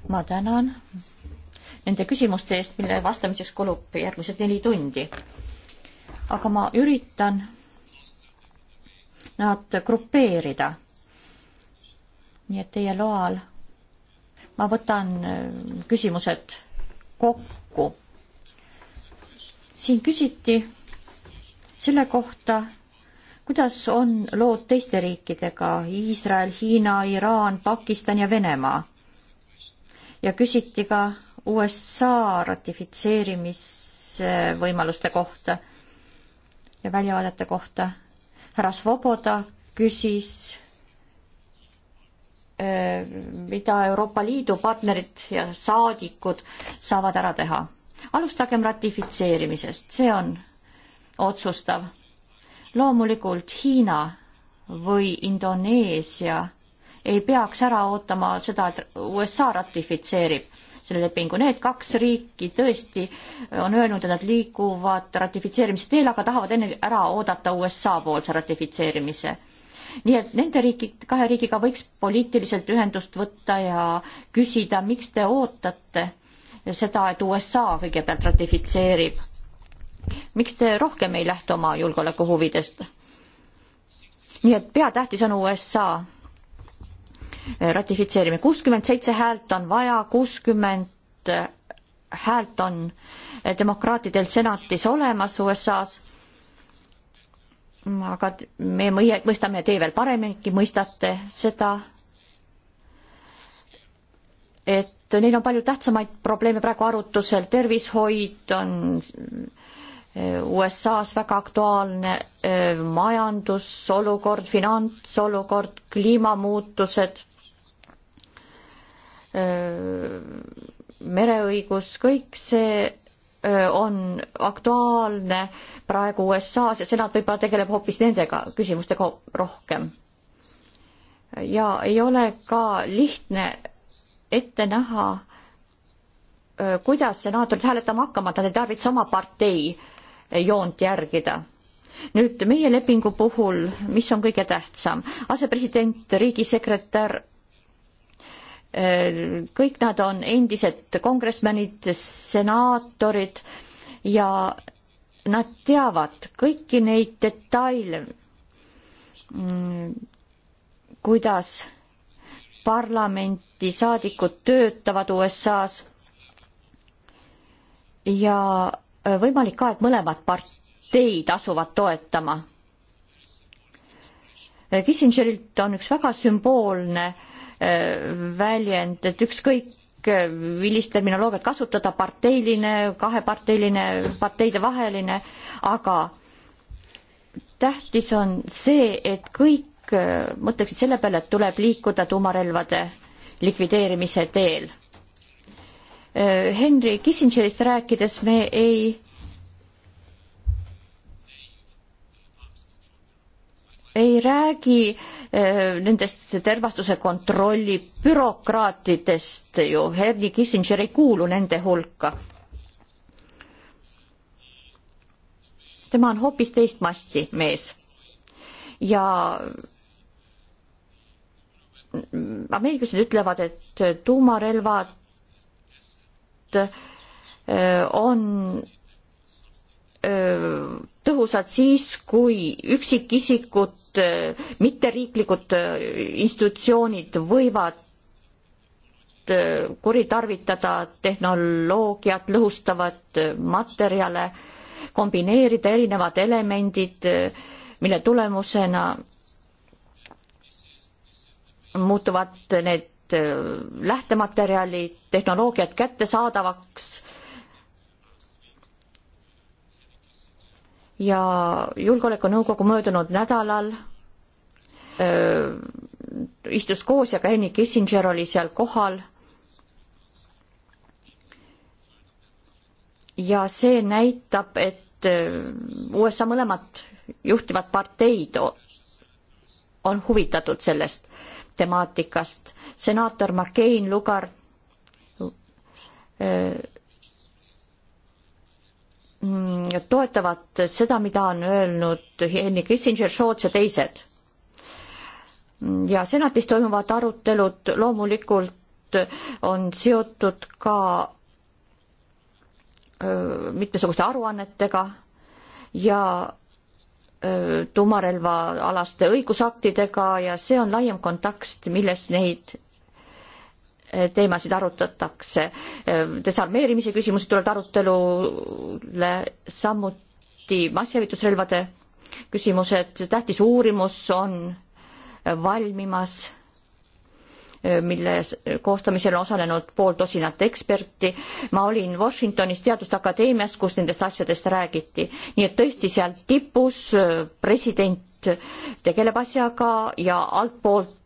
ma tänan nende küsimuste eest, mille vastamiseks kulub järgmised neli tundi. aga ma üritan nad grupeerida. nii et teie loal ma võtan äh, küsimused kokku. siin küsiti selle kohta, kuidas on lood teiste riikidega, Iisrael, Hiina, Iraan, Pakistan ja Venemaa? ja küsiti ka USA ratifitseerimisvõimaluste kohta ja väljavaadete kohta härra Svoboda küsis, äh, mida Euroopa Liidu partnerid ja saadikud saavad ära teha. alustagem ratifitseerimisest, see on otsustav. loomulikult Hiina või Indoneesia ei peaks ära ootama seda, et USA ratifitseerib selle lepingu. Need kaks riiki tõesti on öelnud, et nad liiguvad ratifitseerimise teel, aga tahavad enne ära oodata USA poolse ratifitseerimise. nii et nende riiki, kahe riigiga võiks poliitiliselt ühendust võtta ja küsida, miks te ootate seda, et USA kõigepealt ratifitseerib. miks te rohkem ei lähtu oma julgeolekuhuvidest? nii et peatähtis on USA ratifitseerime. kuuskümmend seitse häält on vaja, kuuskümmend häält on demokraatidel senatis olemas USA-s. aga me mõistame, teie veel paremingi mõistate seda, et neil on palju tähtsamaid probleeme praegu arutusel, tervishoid on USA-s väga aktuaalne majandusolukord, finantsolukord, kliimamuutused mereõigus, kõik see on aktuaalne praegu USA-s ja senat võib-olla tegeleb hoopis nendega küsimustega rohkem. ja ei ole ka lihtne ette näha, kuidas senaatorid hääletama hakkama, nad ei tarvitse oma partei joont järgida. nüüd meie lepingu puhul, mis on kõige tähtsam, asepresident, riigisekretär kõik nad on endised kongresmenid, senaatorid ja nad teavad kõiki neid detaile, kuidas parlamendisaadikud töötavad USA-s ja võimalik ka, et mõlemad parteid asuvad toetama. Kissingerilt on üks väga sümboolne äh, väljend, et ükskõik, millist terminoloogiat kasutada, parteiline, kaheparteiline, parteidevaheline, aga tähtis on see, et kõik mõtleksid selle peale, et tuleb liikuda tuumarelvade likvideerimise teel. Henry Kissingerist rääkides me ei ei räägi eh, nendest tervastuse kontrolli bürokraatidest ju, Henry Kissinger ei kuulu nende hulka. tema on hoopis teist masti mees ja ameeriklased ütlevad, et tuumarelvad eh, on öö, eh, tõhusad siis, kui üksikisikud, äh, mitteriiklikud äh, institutsioonid võivad äh, kuritarvitada tehnoloogiat, lõhustavat materjale, kombineerida erinevad elemendid, mille tulemusena muutuvad need lähtematerjalid, tehnoloogiad kättesaadavaks ja Julgeolekunõukogu möödunud nädalal öö, istus koos ja ka Henny Kissinger oli seal kohal. ja see näitab, et öö, USA mõlemad juhtivad parteid on huvitatud sellest temaatikast. senaator McCain Lugar öö, Mm, toetavad seda, mida on öelnud Henry Kissinger, Shorts ja teised. ja senatis toimuvad arutelud loomulikult on seotud ka mitmesuguste aruannetega ja tuumarelvaalaste õigusaktidega ja see on laiem kontekst, milles neid teemasid arutatakse. desarmeerimise küsimused tulevad arutelule, samuti massihävitusrelvade küsimused, tähtis uurimus on valmimas, mille koostamisel on osalenud pooltosinat eksperti. ma olin Washingtonis Teaduste Akadeemias, kus nendest asjadest räägiti, nii et tõesti seal tipus president tegeleb asjaga ja altpoolt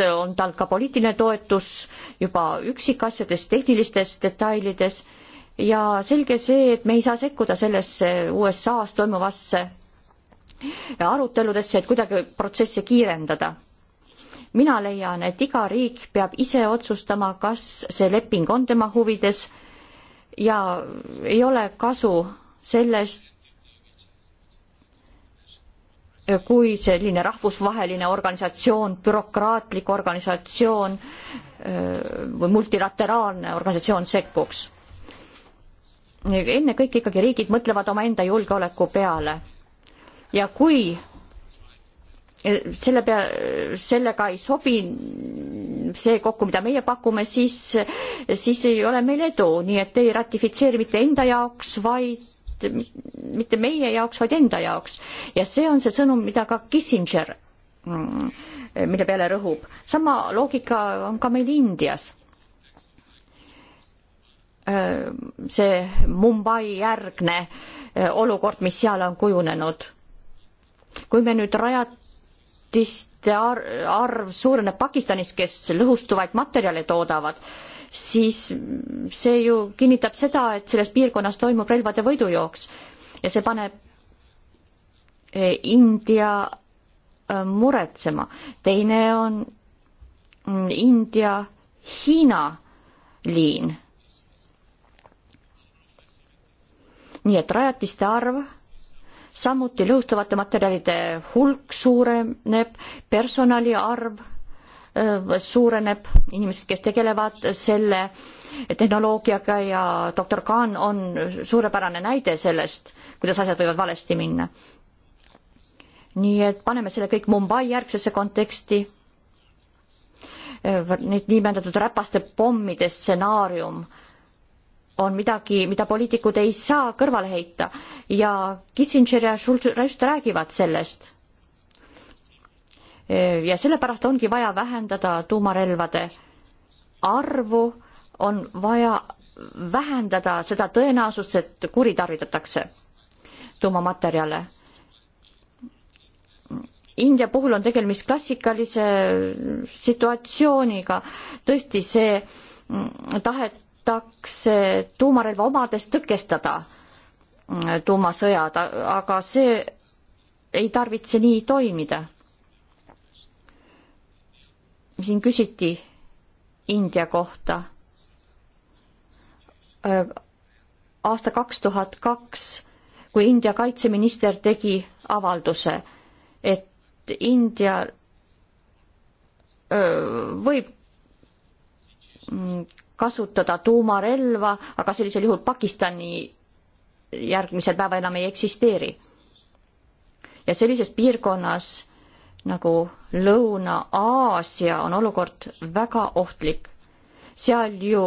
on tal ka poliitiline toetus juba üksikasjades, tehnilistes detailides ja selge see, et me ei saa sekkuda sellesse USA-s toimuvasse aruteludesse, et kuidagi protsesse kiirendada. mina leian, et iga riik peab ise otsustama, kas see leping on tema huvides ja ei ole kasu sellest, kui selline rahvusvaheline organisatsioon, bürokraatlik organisatsioon äh, või multilateraalne organisatsioon sekkuks. ennekõike ikkagi riigid mõtlevad omaenda julgeoleku peale. ja kui äh, selle pea, sellega ei sobi see kokku, mida meie pakume, siis, siis ei ole meil edu, nii et ei ratifitseeri mitte enda jaoks, vaid ainult mitte meie jaoks, vaid enda jaoks. ja see on see sõnum, mida ka Kissinger, mm, mille peale rõhub. sama loogika on ka meil Indias. see Mumbai järgne olukord, mis seal on kujunenud. kui me nüüd rajatiste arv suureneb Pakistanis, kes lõhustuvaid materjale toodavad siis see ju kinnitab seda, et selles piirkonnas toimub relvade võidujooks ja see paneb eh, India eh, muretsema. teine on mm, India-Hiina liin. nii et rajatiste arv, samuti lõhustuvate materjalide hulk suureneb, personali arv Äh, suureneb, inimesed, kes tegelevad selle tehnoloogiaga ja doktor Khan on suurepärane näide sellest, kuidas asjad võivad valesti minna. nii et paneme selle kõik Mumbai järgsesse konteksti. Äh, Need niinimetatud räpaste pommide stsenaarium on midagi, mida poliitikud ei saa kõrvale heita ja Kissinger ja Schulz just räägivad sellest Eh, ja sellepärast ongi vaja vähendada tuumarelvade arvu, on vaja vähendada seda tõenäosust, et kuritarvitatakse tuumamaterjale. India puhul on tegemist klassikalise situatsiooniga, tõesti see mm, tahetakse tuumarelva omades tõkestada mm, tuumasõjad, aga see ei tarvitse nii toimida siin küsiti India kohta. aasta kaks tuhat kaks, kui India kaitseminister tegi avalduse, et India võib mm, kasutada tuumarelva, aga sellisel juhul Pakistani järgmisel päeval enam ei eksisteeri. ja sellises piirkonnas nagu Lõuna-Aasia on olukord väga ohtlik. seal ju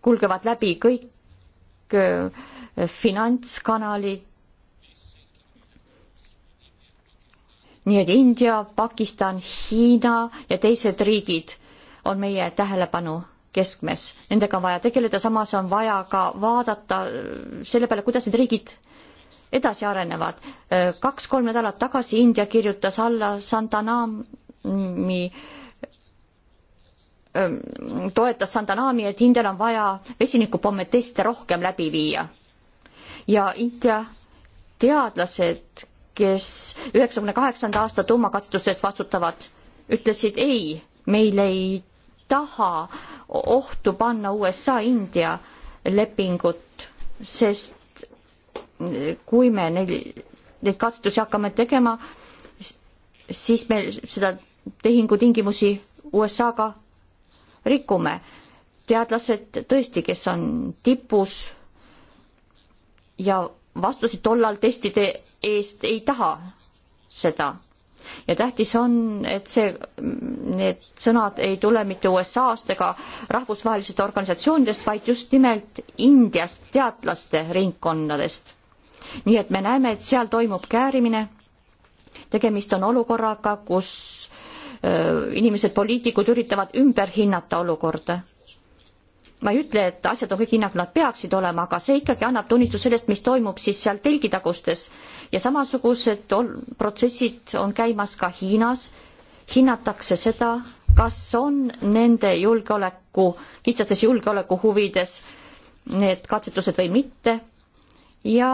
kulgevad läbi kõik äh, finantskanalid. nii et India, Pakistan, Hiina ja teised riigid on meie tähelepanu keskmes, nendega on vaja tegeleda, samas on vaja ka vaadata äh, selle peale, kuidas need riigid edasi arenevad. Äh, kaks-kolm nädalat tagasi India kirjutas alla Santanami ähm, toetas Santanami, et Indial on vaja vesinikupomme teste rohkem läbi viia. ja India teadlased, kes üheksakümne kaheksanda aasta tuumakatsetustest vastutavad, ütlesid ei, meil ei taha ohtu panna USA-India lepingut, sest kui me neil, neid katsetusi hakkame tegema, siis me seda tehingutingimusi USA-ga rikume. teadlased tõesti, kes on tipus ja vastuseid tollal testide eest ei taha seda. ja tähtis on, et see, need sõnad ei tule mitte USA-st ega rahvusvahelisest organisatsioonidest, vaid just nimelt Indiast teadlaste ringkonnadest nii et me näeme, et seal toimub käärimine. tegemist on olukorraga, kus inimesed, poliitikud üritavad ümber hinnata olukorda. ma ei ütle, et asjad on kõik nii, nagu nad peaksid olema, aga see ikkagi annab tunnistust sellest, mis toimub siis seal telgitagustes ja samasugused protsessid on käimas ka Hiinas. hinnatakse seda, kas on nende julgeoleku, kitsastes julgeolekuhuvides need katsetused või mitte ja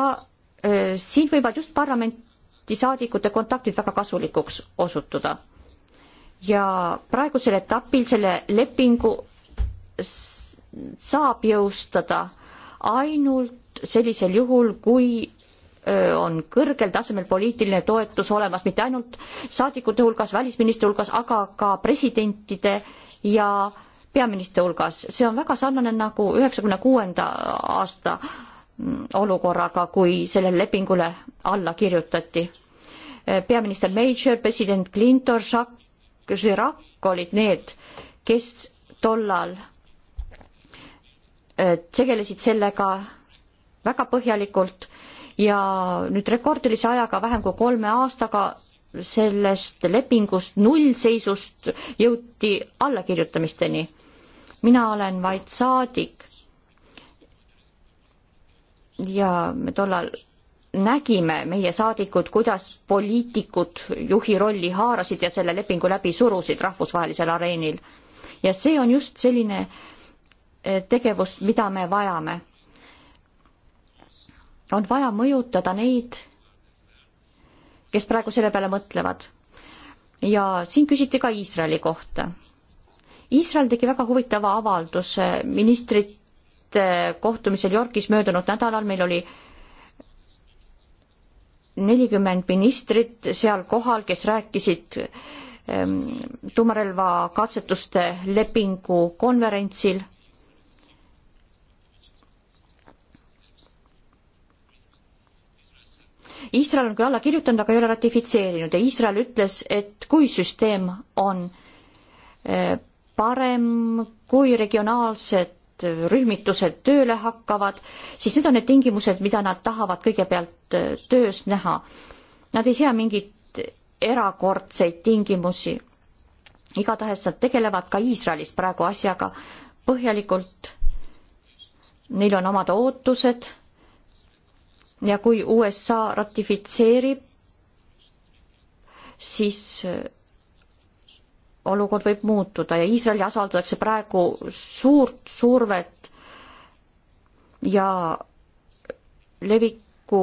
siin võivad just parlamendisaadikute kontaktid väga kasulikuks osutuda. ja praegusel etapil selle lepingu saab jõustada ainult sellisel juhul, kui on kõrgel tasemel poliitiline toetus olemas mitte ainult saadikute hulgas, välisministri hulgas, aga ka presidentide ja peaministri hulgas. see on väga sarnane nagu üheksakümne kuuenda aasta äh, olukorraga, kui sellele lepingule alla kirjutati. peaminister Major, president Clinton, Jacques Chirac olid need, kes tollal äh, tegelesid sellega väga põhjalikult ja nüüd rekordilise ajaga, vähem kui kolme aastaga sellest lepingust, nullseisust jõuti allakirjutamisteni. mina olen vaid saadik ja me tollal nägime, meie saadikud, kuidas poliitikud juhi rolli haarasid ja selle lepingu läbi surusid rahvusvahelisel areenil. ja see on just selline eh, tegevus, mida me vajame. on vaja mõjutada neid, kes praegu selle peale mõtlevad. ja siin küsiti ka Iisraeli kohta. Iisrael tegi väga huvitava avalduse, ministrid Eh, kohtumisel Yorgis möödunud nädalal, meil oli nelikümmend ministrit seal kohal, kes rääkisid ehm, tuumarelva katsetuste lepingu konverentsil Iisrael on küll alla kirjutanud, aga ei ole ratifitseerinud ja Iisrael ütles, et kui süsteem on eh, parem kui regionaalsed rühmitused tööle hakkavad, siis need on need tingimused, mida nad tahavad kõigepealt äh, töös näha. Nad ei sea mingeid erakordseid tingimusi. igatahes nad tegelevad ka Iisraelis praegu asjaga põhjalikult. Neil on omad ootused ja kui USA ratifitseerib, siis äh, olukord võib muutuda ja Iisraeli asaldatakse praegu suurt survet ja leviku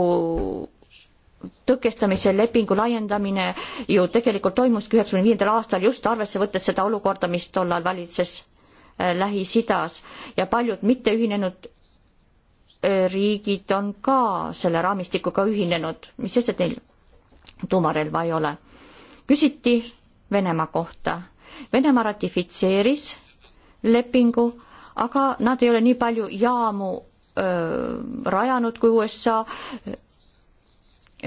tõkestamise lepingu laiendamine ju tegelikult toimuski üheksakümne viiendal aastal just arvesse võttes seda olukorda, mis tollal valitses äh, Lähis-Idas ja paljud mitteühinenud äh, riigid on ka selle raamistikuga ühinenud, mis sest, et neil tuumarelva ei ole. küsiti Venemaa kohta Venemaa ratifitseeris lepingu, aga nad ei ole nii palju jaamu öö, rajanud kui USA.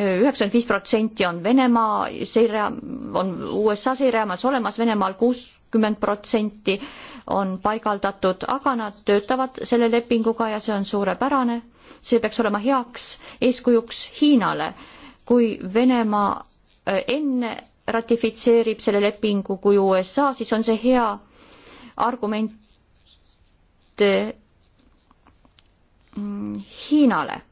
üheksakümmend viis protsenti on Venemaa seire, on USA seirejaamas olemas, Venemaal kuuskümmend protsenti on paigaldatud, aga nad töötavad selle lepinguga ja see on suurepärane. see peaks olema heaks eeskujuks Hiinale, kui Venemaa enne ratifitseerib selle lepingu kui USA, siis on see hea argument mm, Hiinale.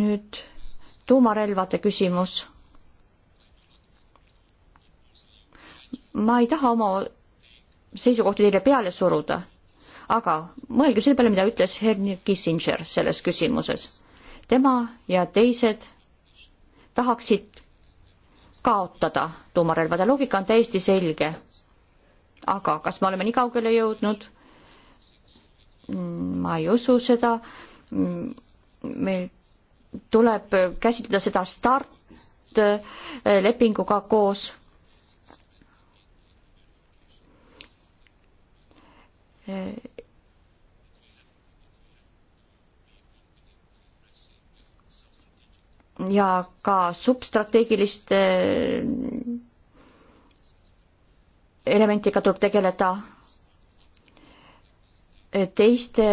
nüüd tuumarelvade küsimus. ma ei taha oma seisukohti teile peale suruda, aga mõelge selle peale, mida ütles Henry Kissinger selles küsimuses tema ja teised tahaksid kaotada tuumarelvade loogika on täiesti selge. aga kas me oleme nii kaugele jõudnud? Mm, ma ei usu seda. Mm, meil tuleb käsitleda seda startlepinguga äh, koos. Äh, ja ka substrateegiliste äh, elementiga tuleb tegeleda teiste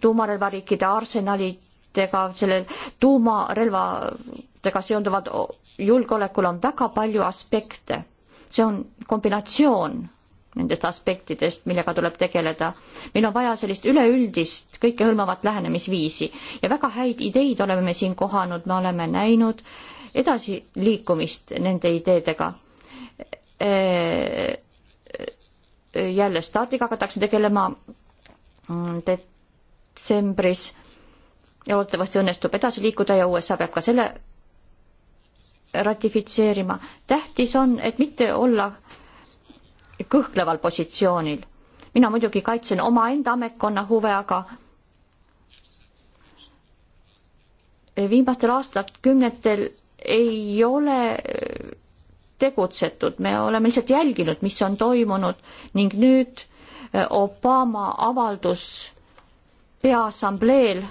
tuumarelvariikide arsenalidega, selle tuumarelvadega seonduvad julgeolekul on väga palju aspekte. see on kombinatsioon nendest aspektidest, millega tuleb tegeleda. meil on vaja sellist üleüldist kõikehõlmavat lähenemisviisi ja väga häid ideid oleme me siin kohanud, me oleme näinud edasiliikumist nende ideedega. jälle stardiga hakatakse tegelema detsembris ja loodetavasti õnnestub edasi liikuda ja USA peab ka selle ratifitseerima. tähtis on, et mitte olla kõhkleval positsioonil. mina muidugi kaitsen omaenda ametkonna huve, aga viimastel aastakümnetel ei ole tegutsetud, me oleme lihtsalt jälginud, mis on toimunud ning nüüd Obama avaldus peaassambleel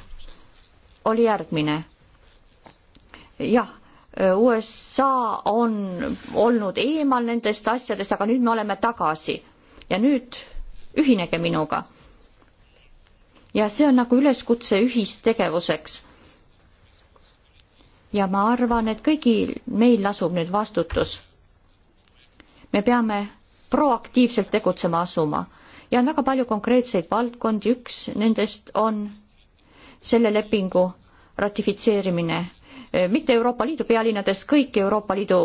oli järgmine. jah USA on olnud eemal nendest asjadest, aga nüüd me oleme tagasi ja nüüd ühinege minuga. ja see on nagu üleskutse ühistegevuseks. ja ma arvan, et kõigil meil lasub nüüd vastutus. me peame proaktiivselt tegutsema asuma ja on väga palju konkreetseid valdkondi, üks nendest on selle lepingu ratifitseerimine Eh, mitte Euroopa Liidu pealinnades, kõik Euroopa Liidu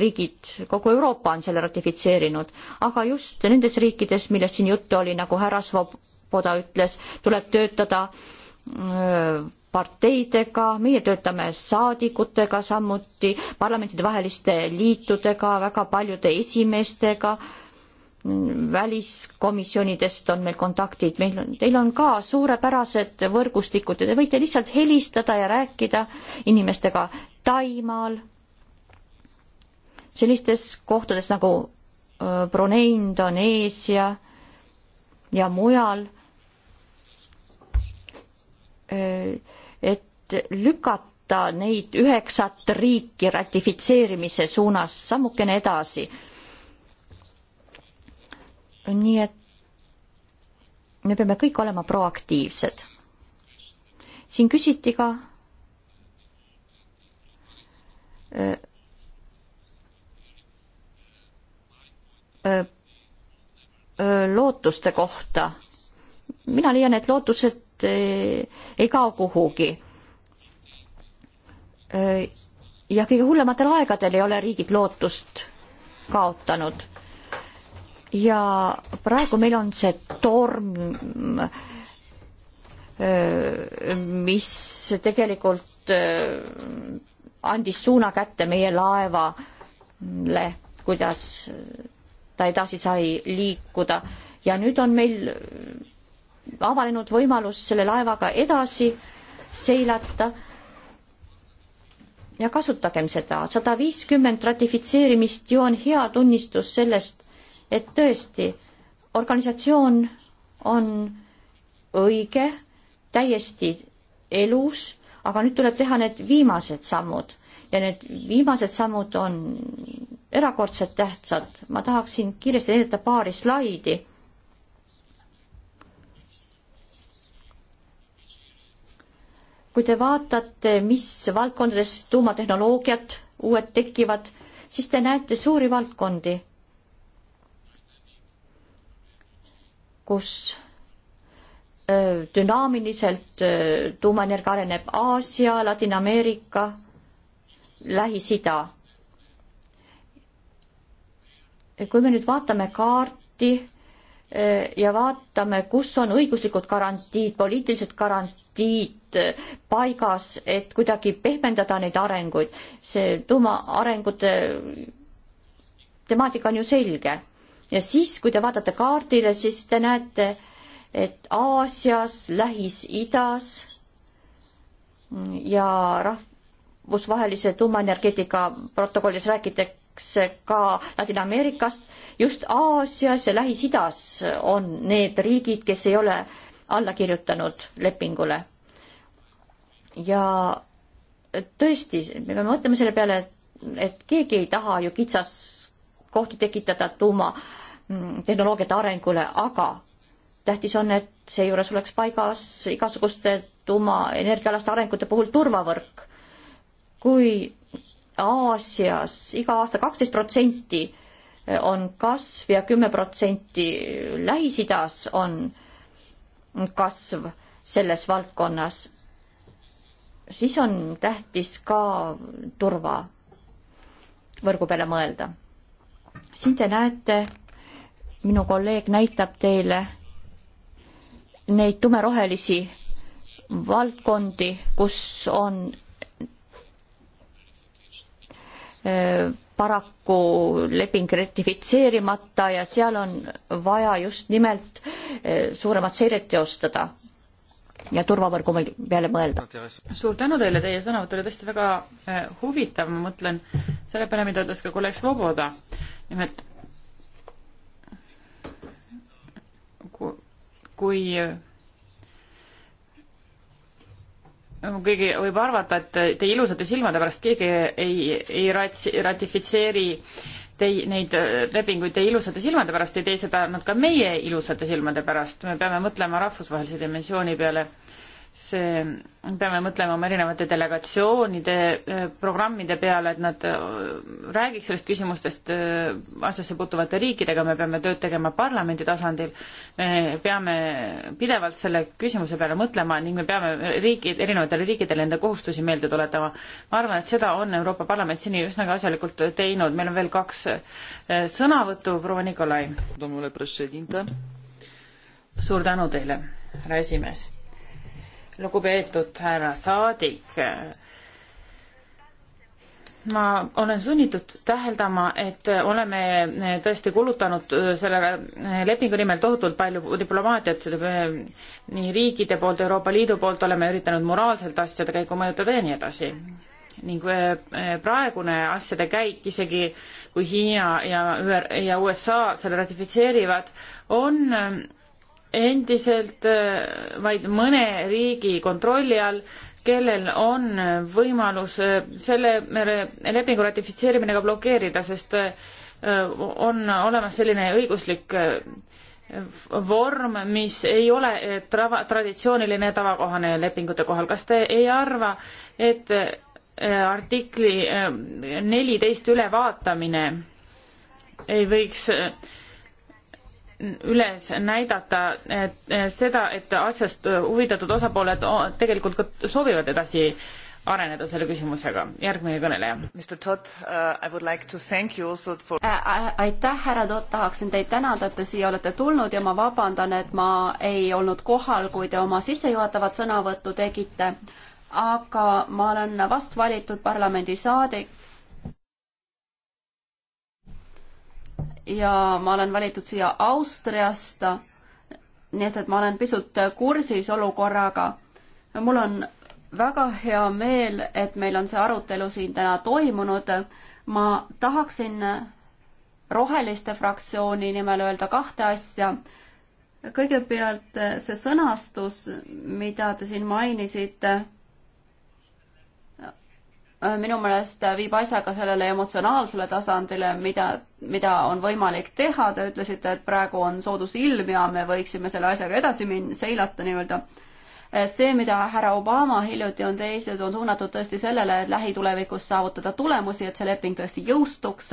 riigid, kogu Euroopa on selle ratifitseerinud, aga just nendes riikides, millest siin juttu oli, nagu härra Svoboda ütles, tuleb töötada eh, parteidega, meie töötame saadikutega samuti, parlamentidevaheliste liitudega, väga paljude esimeestega väliskomisjonidest on meil kontaktid, meil on, teil on ka suurepärased võrgustikud ja te võite lihtsalt helistada ja rääkida inimestega Taimaal, sellistes kohtades nagu Brunei, Indoneesia ja mujal. et lükata neid üheksat riiki ratifitseerimise suunas sammukene edasi nii et me peame kõik olema proaktiivsed. siin küsiti ka äh, äh, äh, lootuste kohta. mina leian, et lootused ei kao kuhugi. ja kõige hullematel aegadel ei ole riigid lootust kaotanud ja praegu meil on see torm, mis tegelikult andis suuna kätte meie laevale, kuidas ta edasi sai liikuda ja nüüd on meil avanenud võimalus selle laevaga edasi seilata ja kasutagem seda. sada viiskümmend ratifitseerimist ju on hea tunnistus sellest, et tõesti, organisatsioon on õige, täiesti elus, aga nüüd tuleb teha need viimased sammud ja need viimased sammud on erakordselt tähtsad. ma tahaksin kiiresti näidata paari slaidi. kui te vaatate, mis valdkondades tuumatehnoloogiad uued tekivad, siis te näete suuri valdkondi kus dünaamiliselt tuumaenergia areneb Aasia, Ladina-Ameerika, Lähis-Ida. kui me nüüd vaatame kaarti ja vaatame, kus on õiguslikud garantiid, poliitilised garantiid paigas, et kuidagi pehmendada neid arenguid, see tuumaarengute temaatika on ju selge ja siis, kui te vaatate kaardile, siis te näete, et Aasias, Lähis-Idas ja rahvusvahelise tuumaenergeetika protokollis räägitakse ka Ladina-Ameerikast, just Aasias ja Lähis-Idas on need riigid, kes ei ole alla kirjutanud lepingule. ja tõesti, me peame mõtlema selle peale, et keegi ei taha ju kitsas kohti tekitada tuumatehnoloogiate mm, arengule, aga tähtis on, et seejuures oleks paigas igasuguste tuumaenergiaalaste arengute puhul turvavõrk. kui Aasias iga aasta kaksteist protsenti on kasv ja kümme protsenti Lähis-Idas on kasv selles valdkonnas, siis on tähtis ka turvavõrgu peale mõelda siin te näete, minu kolleeg näitab teile neid tumerohelisi valdkondi, kus on äh, paraku leping ratifitseerimata ja seal on vaja just nimelt äh, suuremat seiret teostada ja turvavõrgu peale mõelda. suur tänu teile, teie sõnavõtt oli tõesti väga äh, huvitav, ma mõtlen selle peale, mida ütles ka kolleeg Svoboda. nimelt kui äh, keegi võib arvata, et teie ilusate silmade pärast keegi ei, ei ratsi, ratifitseeri äh, tei-, neid äh, lepinguid teie ilusate silmade pärast, ei tee seda nad ka meie ilusate silmade pärast, me peame mõtlema rahvusvahelise dimensiooni peale see, peame mõtlema oma erinevate delegatsioonide eh, programmide peale, et nad eh, räägiks sellest küsimustest eh, asjasse puutuvate riikidega, me peame tööd tegema parlamendi tasandil, me peame pidevalt selle küsimuse peale mõtlema ning me peame riikid, erinevatele riikidele enda kohustusi meelde tuletama. ma arvan, et seda on Euroopa Parlament seni üsnagi asjalikult teinud, meil on veel kaks sõnavõttu, proua Nikolai. suur tänu teile, härra esimees lugupeetud härra saadik. ma olen sunnitud täheldama, et oleme tõesti kulutanud selle lepingu nimel tohutult palju diplomaatiat, nii riikide poolt, Euroopa Liidu poolt oleme üritanud moraalselt asjade käiku mõjutada ja nii edasi ning eh, praegune asjade käik, isegi kui Hiina ja, ja USA selle ratifitseerivad, on eh, endiselt äh, vaid mõne riigi kontrolli all, kellel on võimalus äh, selle lepingu ratifitseerimine ka blokeerida, sest äh, on olemas selline õiguslik vorm, mis ei ole trava, traditsiooniline ja tavakohane lepingute kohal. kas te ei arva, et artikli neliteist ülevaatamine ei võiks äh, üles näidata et seda, et asjast huvitatud osapooled tegelikult ka soovivad edasi areneda selle küsimusega. järgmine kõneleja. Uh, like for... aitäh, härra Todd, tahaksin teid tänada, et te siia olete tulnud ja ma vabandan, et ma ei olnud kohal, kui te oma sissejuhatavat sõnavõttu tegite. aga ma olen vast valitud parlamendisaadik ja ma olen valitud siia Austriast. nii et, et ma olen pisut kursis olukorraga. mul on väga hea meel, et meil on see arutelu siin täna toimunud. ma tahaksin Roheliste fraktsiooni nimel öelda kahte asja. kõigepealt see sõnastus, mida te siin mainisite Äh, minu meelest viib asja ka sellele emotsionaalsele tasandile, mida, mida on võimalik teha, te ütlesite, et praegu on soodus ilm ja me võiksime selle asjaga edasi min-, seilata nii-öelda. Äh, see, mida härra Obama hiljuti on teinud, on suunatud tõesti sellele, et lähitulevikus saavutada tulemusi, et see leping tõesti jõustuks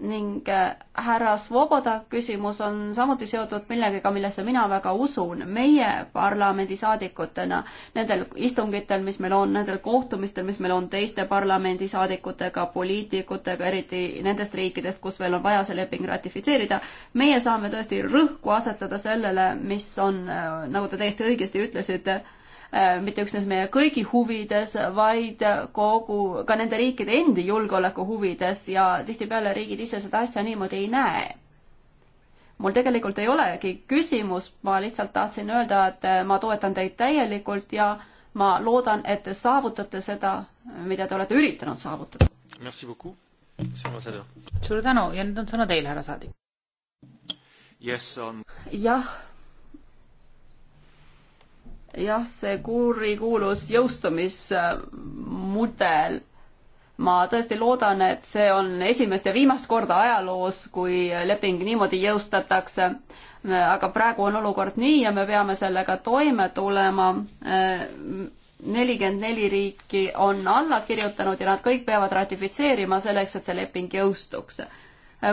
ning äh, härra Svoboda küsimus on samuti seotud millegagi, millesse mina väga usun. meie parlamendisaadikutena nendel istungitel, mis meil on, nendel kohtumistel, mis meil on teiste parlamendisaadikutega, poliitikutega, eriti nendest riikidest, kus veel on vaja see leping ratifitseerida, meie saame tõesti rõhku asetada sellele, mis on, äh, nagu te täiesti õigesti ütlesite, Äh, mitte üksnes meie kõigi huvides, vaid kogu, ka nende riikide endi julgeoleku huvides ja tihtipeale riigid ise seda asja niimoodi ei näe. mul tegelikult ei olegi küsimust, ma lihtsalt tahtsin öelda, et äh, ma toetan teid täielikult ja ma loodan, et te saavutate seda, mida te olete üritanud saavutada. suur tänu ja nüüd on sõna teil, härra saadik. jah, jah, see kurikuulus jõustumismudel. ma tõesti loodan, et see on esimest ja viimast korda ajaloos, kui leping niimoodi jõustatakse. aga praegu on olukord nii ja me peame sellega toime tulema. nelikümmend neli riiki on alla kirjutanud ja nad kõik peavad ratifitseerima selleks, et see leping jõustuks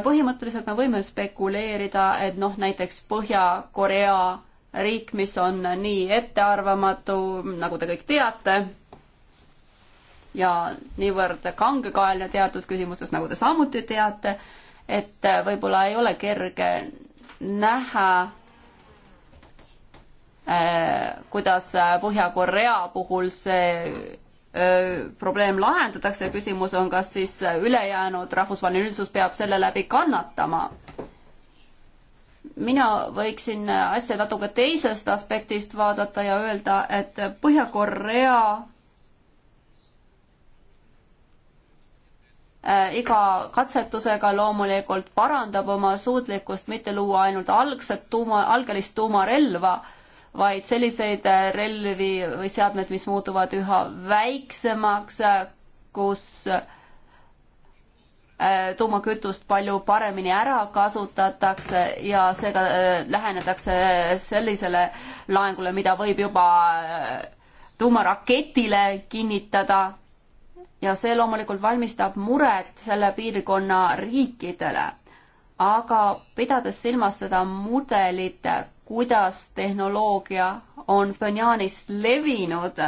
põhimõtteliselt me võime spekuleerida, et noh, näiteks Põhja-Korea riik, mis on nii ettearvamatu, nagu te kõik teate, ja niivõrd kangekaelne teatud küsimustes, nagu te samuti teate, et võib-olla ei ole kerge näha, äh, kuidas Põhja-Korea puhul see äh, probleem lahendatakse, küsimus on, kas siis ülejäänud rahvusvaheline üldsus peab selle läbi kannatama mina võiksin asja natuke teisest aspektist vaadata ja öelda, et Põhja-Korea äh, iga katsetusega loomulikult parandab oma suutlikkust mitte luua ainult algset tuuma, algelist tuumarelva, vaid selliseid äh, relvi või seadmeid, mis muutuvad üha väiksemaks, äh, kus äh, Äh, tuumakütust palju paremini ära kasutatakse ja seega äh, lähenetakse äh, sellisele laengule, mida võib juba tuumaraketile kinnitada. ja see loomulikult valmistab muret selle piirkonna riikidele. aga pidades silmas seda mudelit, kuidas tehnoloogia on Pjonjanist levinud,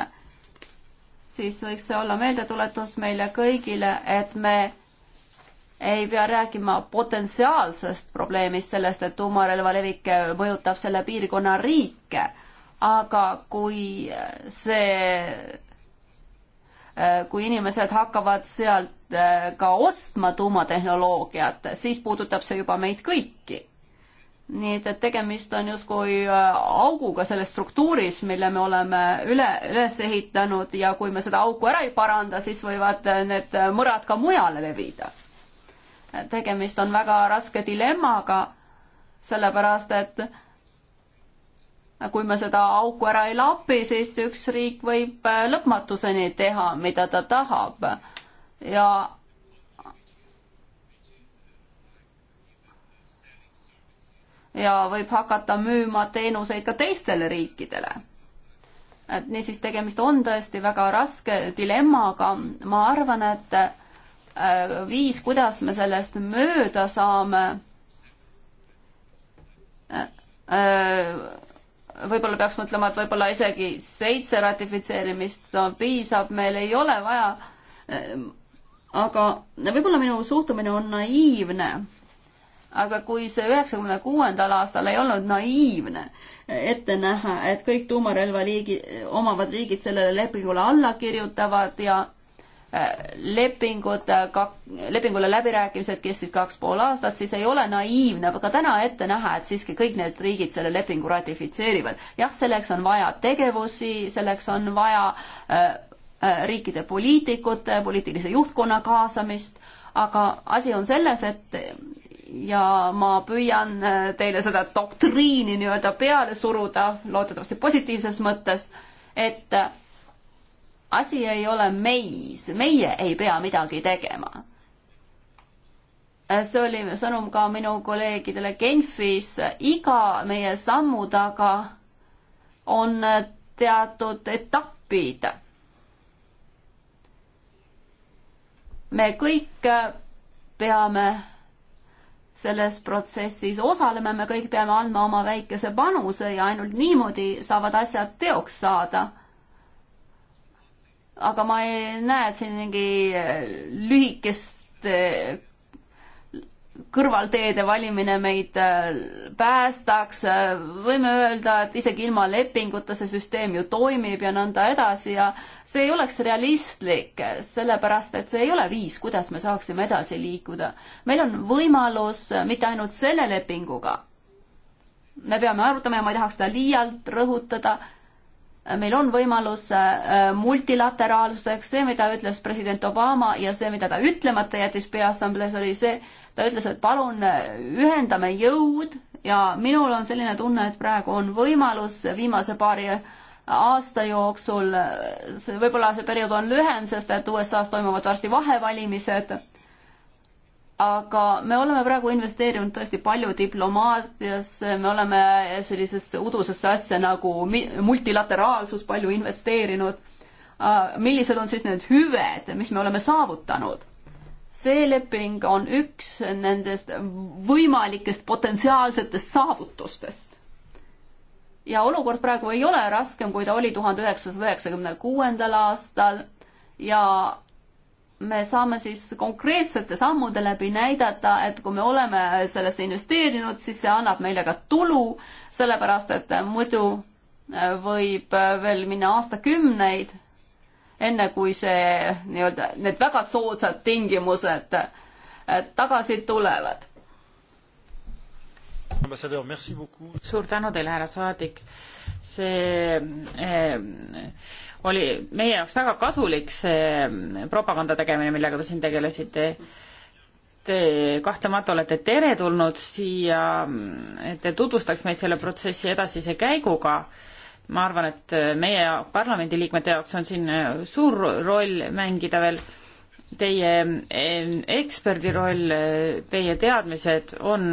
siis võiks see olla meeldetuletus meile kõigile, et me ei pea rääkima potentsiaalsest probleemist, sellest, et tuumarelva levik mõjutab selle piirkonna riike, aga kui see, kui inimesed hakkavad sealt äh, ka ostma tuumatehnoloogiat, siis puudutab see juba meid kõiki. nii et, et tegemist on justkui äh, auguga selles struktuuris, mille me oleme üle, üles ehitanud ja kui me seda auku ära ei paranda, siis võivad äh, need mõrad ka mujale levida tegemist on väga raske dilemmaga, sellepärast et kui me seda auku ära ei lapi, siis üks riik võib äh, lõpmatuseni teha, mida ta tahab ja ja võib hakata müüma teenuseid ka teistele riikidele. et niisiis, tegemist on tõesti väga raske dilemmaga, ma arvan, et Äh, viis, kuidas me sellest mööda saame. Äh, äh, võib-olla peaks mõtlema, et võib-olla isegi seitse ratifitseerimist piisab, meil ei ole vaja. aga võib-olla minu suhtumine on naiivne aga kui see üheksakümne kuuendal aastal ei olnud naiivne ette näha, et kõik tuumarelvaliigi, omavad riigid sellele lepingule alla kirjutavad ja lepingud, lepingule läbirääkimised kestsid kaks pool aastat, siis ei ole naiivne ka täna ette näha, et siiski kõik need riigid selle lepingu ratifitseerivad. jah, selleks on vaja tegevusi, selleks on vaja äh, äh, riikide poliitikute, poliitilise juhtkonna kaasamist, aga asi on selles, et ja ma püüan äh, teile seda doktriini nii-öelda peale suruda, loodetavasti positiivses mõttes, et asi ei ole meis, meie ei pea midagi tegema. see oli sõnum ka minu kolleegidele Genfis, iga meie sammu taga on teatud etapid. me kõik peame selles protsessis osaleme, me kõik peame andma oma väikese panuse ja ainult niimoodi saavad asjad teoks saada aga ma ei näe, et siin mingi äh, lühikest kõrvalteede valimine meid äh, päästaks, võime öelda, et isegi ilma lepinguta see süsteem ju toimib ja nõnda edasi ja see ei oleks realistlik, sellepärast et see ei ole viis, kuidas me saaksime edasi liikuda. meil on võimalus mitte ainult selle lepinguga, me peame arutama ja ma ei tahaks seda liialt rõhutada, meil on võimalus äh, multilateraalsuseks, see, mida ütles president Obama ja see, mida ta ütlemata jättis peaassamblees, oli see, ta ütles, et palun äh, ühendame jõud ja minul on selline tunne, et praegu on võimalus viimase paari aasta jooksul, äh, see võib-olla see periood on lühem, sest et USA-s toimuvad varsti vahevalimised aga me oleme praegu investeerinud tõesti palju diplomaatiasse, me oleme sellisesse udusesse asja nagu multilateraalsus palju investeerinud. Äh, millised on siis need hüved, mis me oleme saavutanud? see leping on üks nendest võimalikest potentsiaalsetest saavutustest. ja olukord praegu ei ole raskem, kui ta oli tuhande üheksasaja üheksakümne kuuendal aastal ja me saame siis konkreetsete sammude läbi näidata, et kui me oleme sellesse investeerinud, siis see annab meile ka tulu, sellepärast et muidu äh, võib äh, veel minna aastakümneid, enne kui see nii-öelda, need väga soodsad tingimused äh, tagasi tulevad. suur tänu teile, härra saadik. see eh, oli meie jaoks väga kasulik see propaganda tegemine, millega te siin tegelesite. Te kahtlemata olete teretulnud siia, et te tutvustaks meid selle protsessi edasise käiguga. ma arvan, et meie parlamendiliikmete jaoks on siin suur roll mängida veel. Teie eksperdi roll, teie teadmised on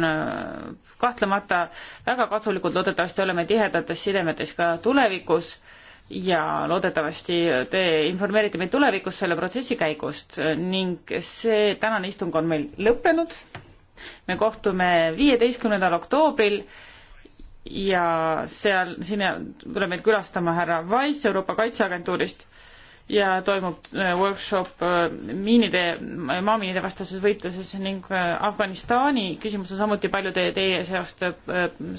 kahtlemata väga kasulikud, loodetavasti oleme tihedates sidemetes ka tulevikus ja loodetavasti te informeerite meid tulevikus selle protsessi käigust ning see tänane istung on meil lõppenud. me kohtume viieteistkümnendal oktoobril ja seal, sinna tuleb meid külastama härra Wise Euroopa Kaitseagentuurist ja toimub äh, workshop äh, miinide, maamiinide vastases võitluses ning äh, Afganistani küsimus on samuti paljude teie seast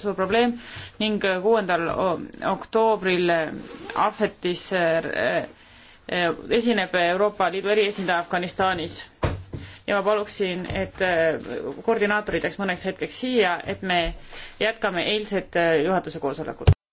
suur probleem ning kuuendal oktoobril Ahvetis esineb Euroopa Liidu eriesindaja Afganistanis ja ma paluksin, et koordinaatorid jääks mõneks hetkeks siia, et me jätkame eilset juhatuse koosolekut.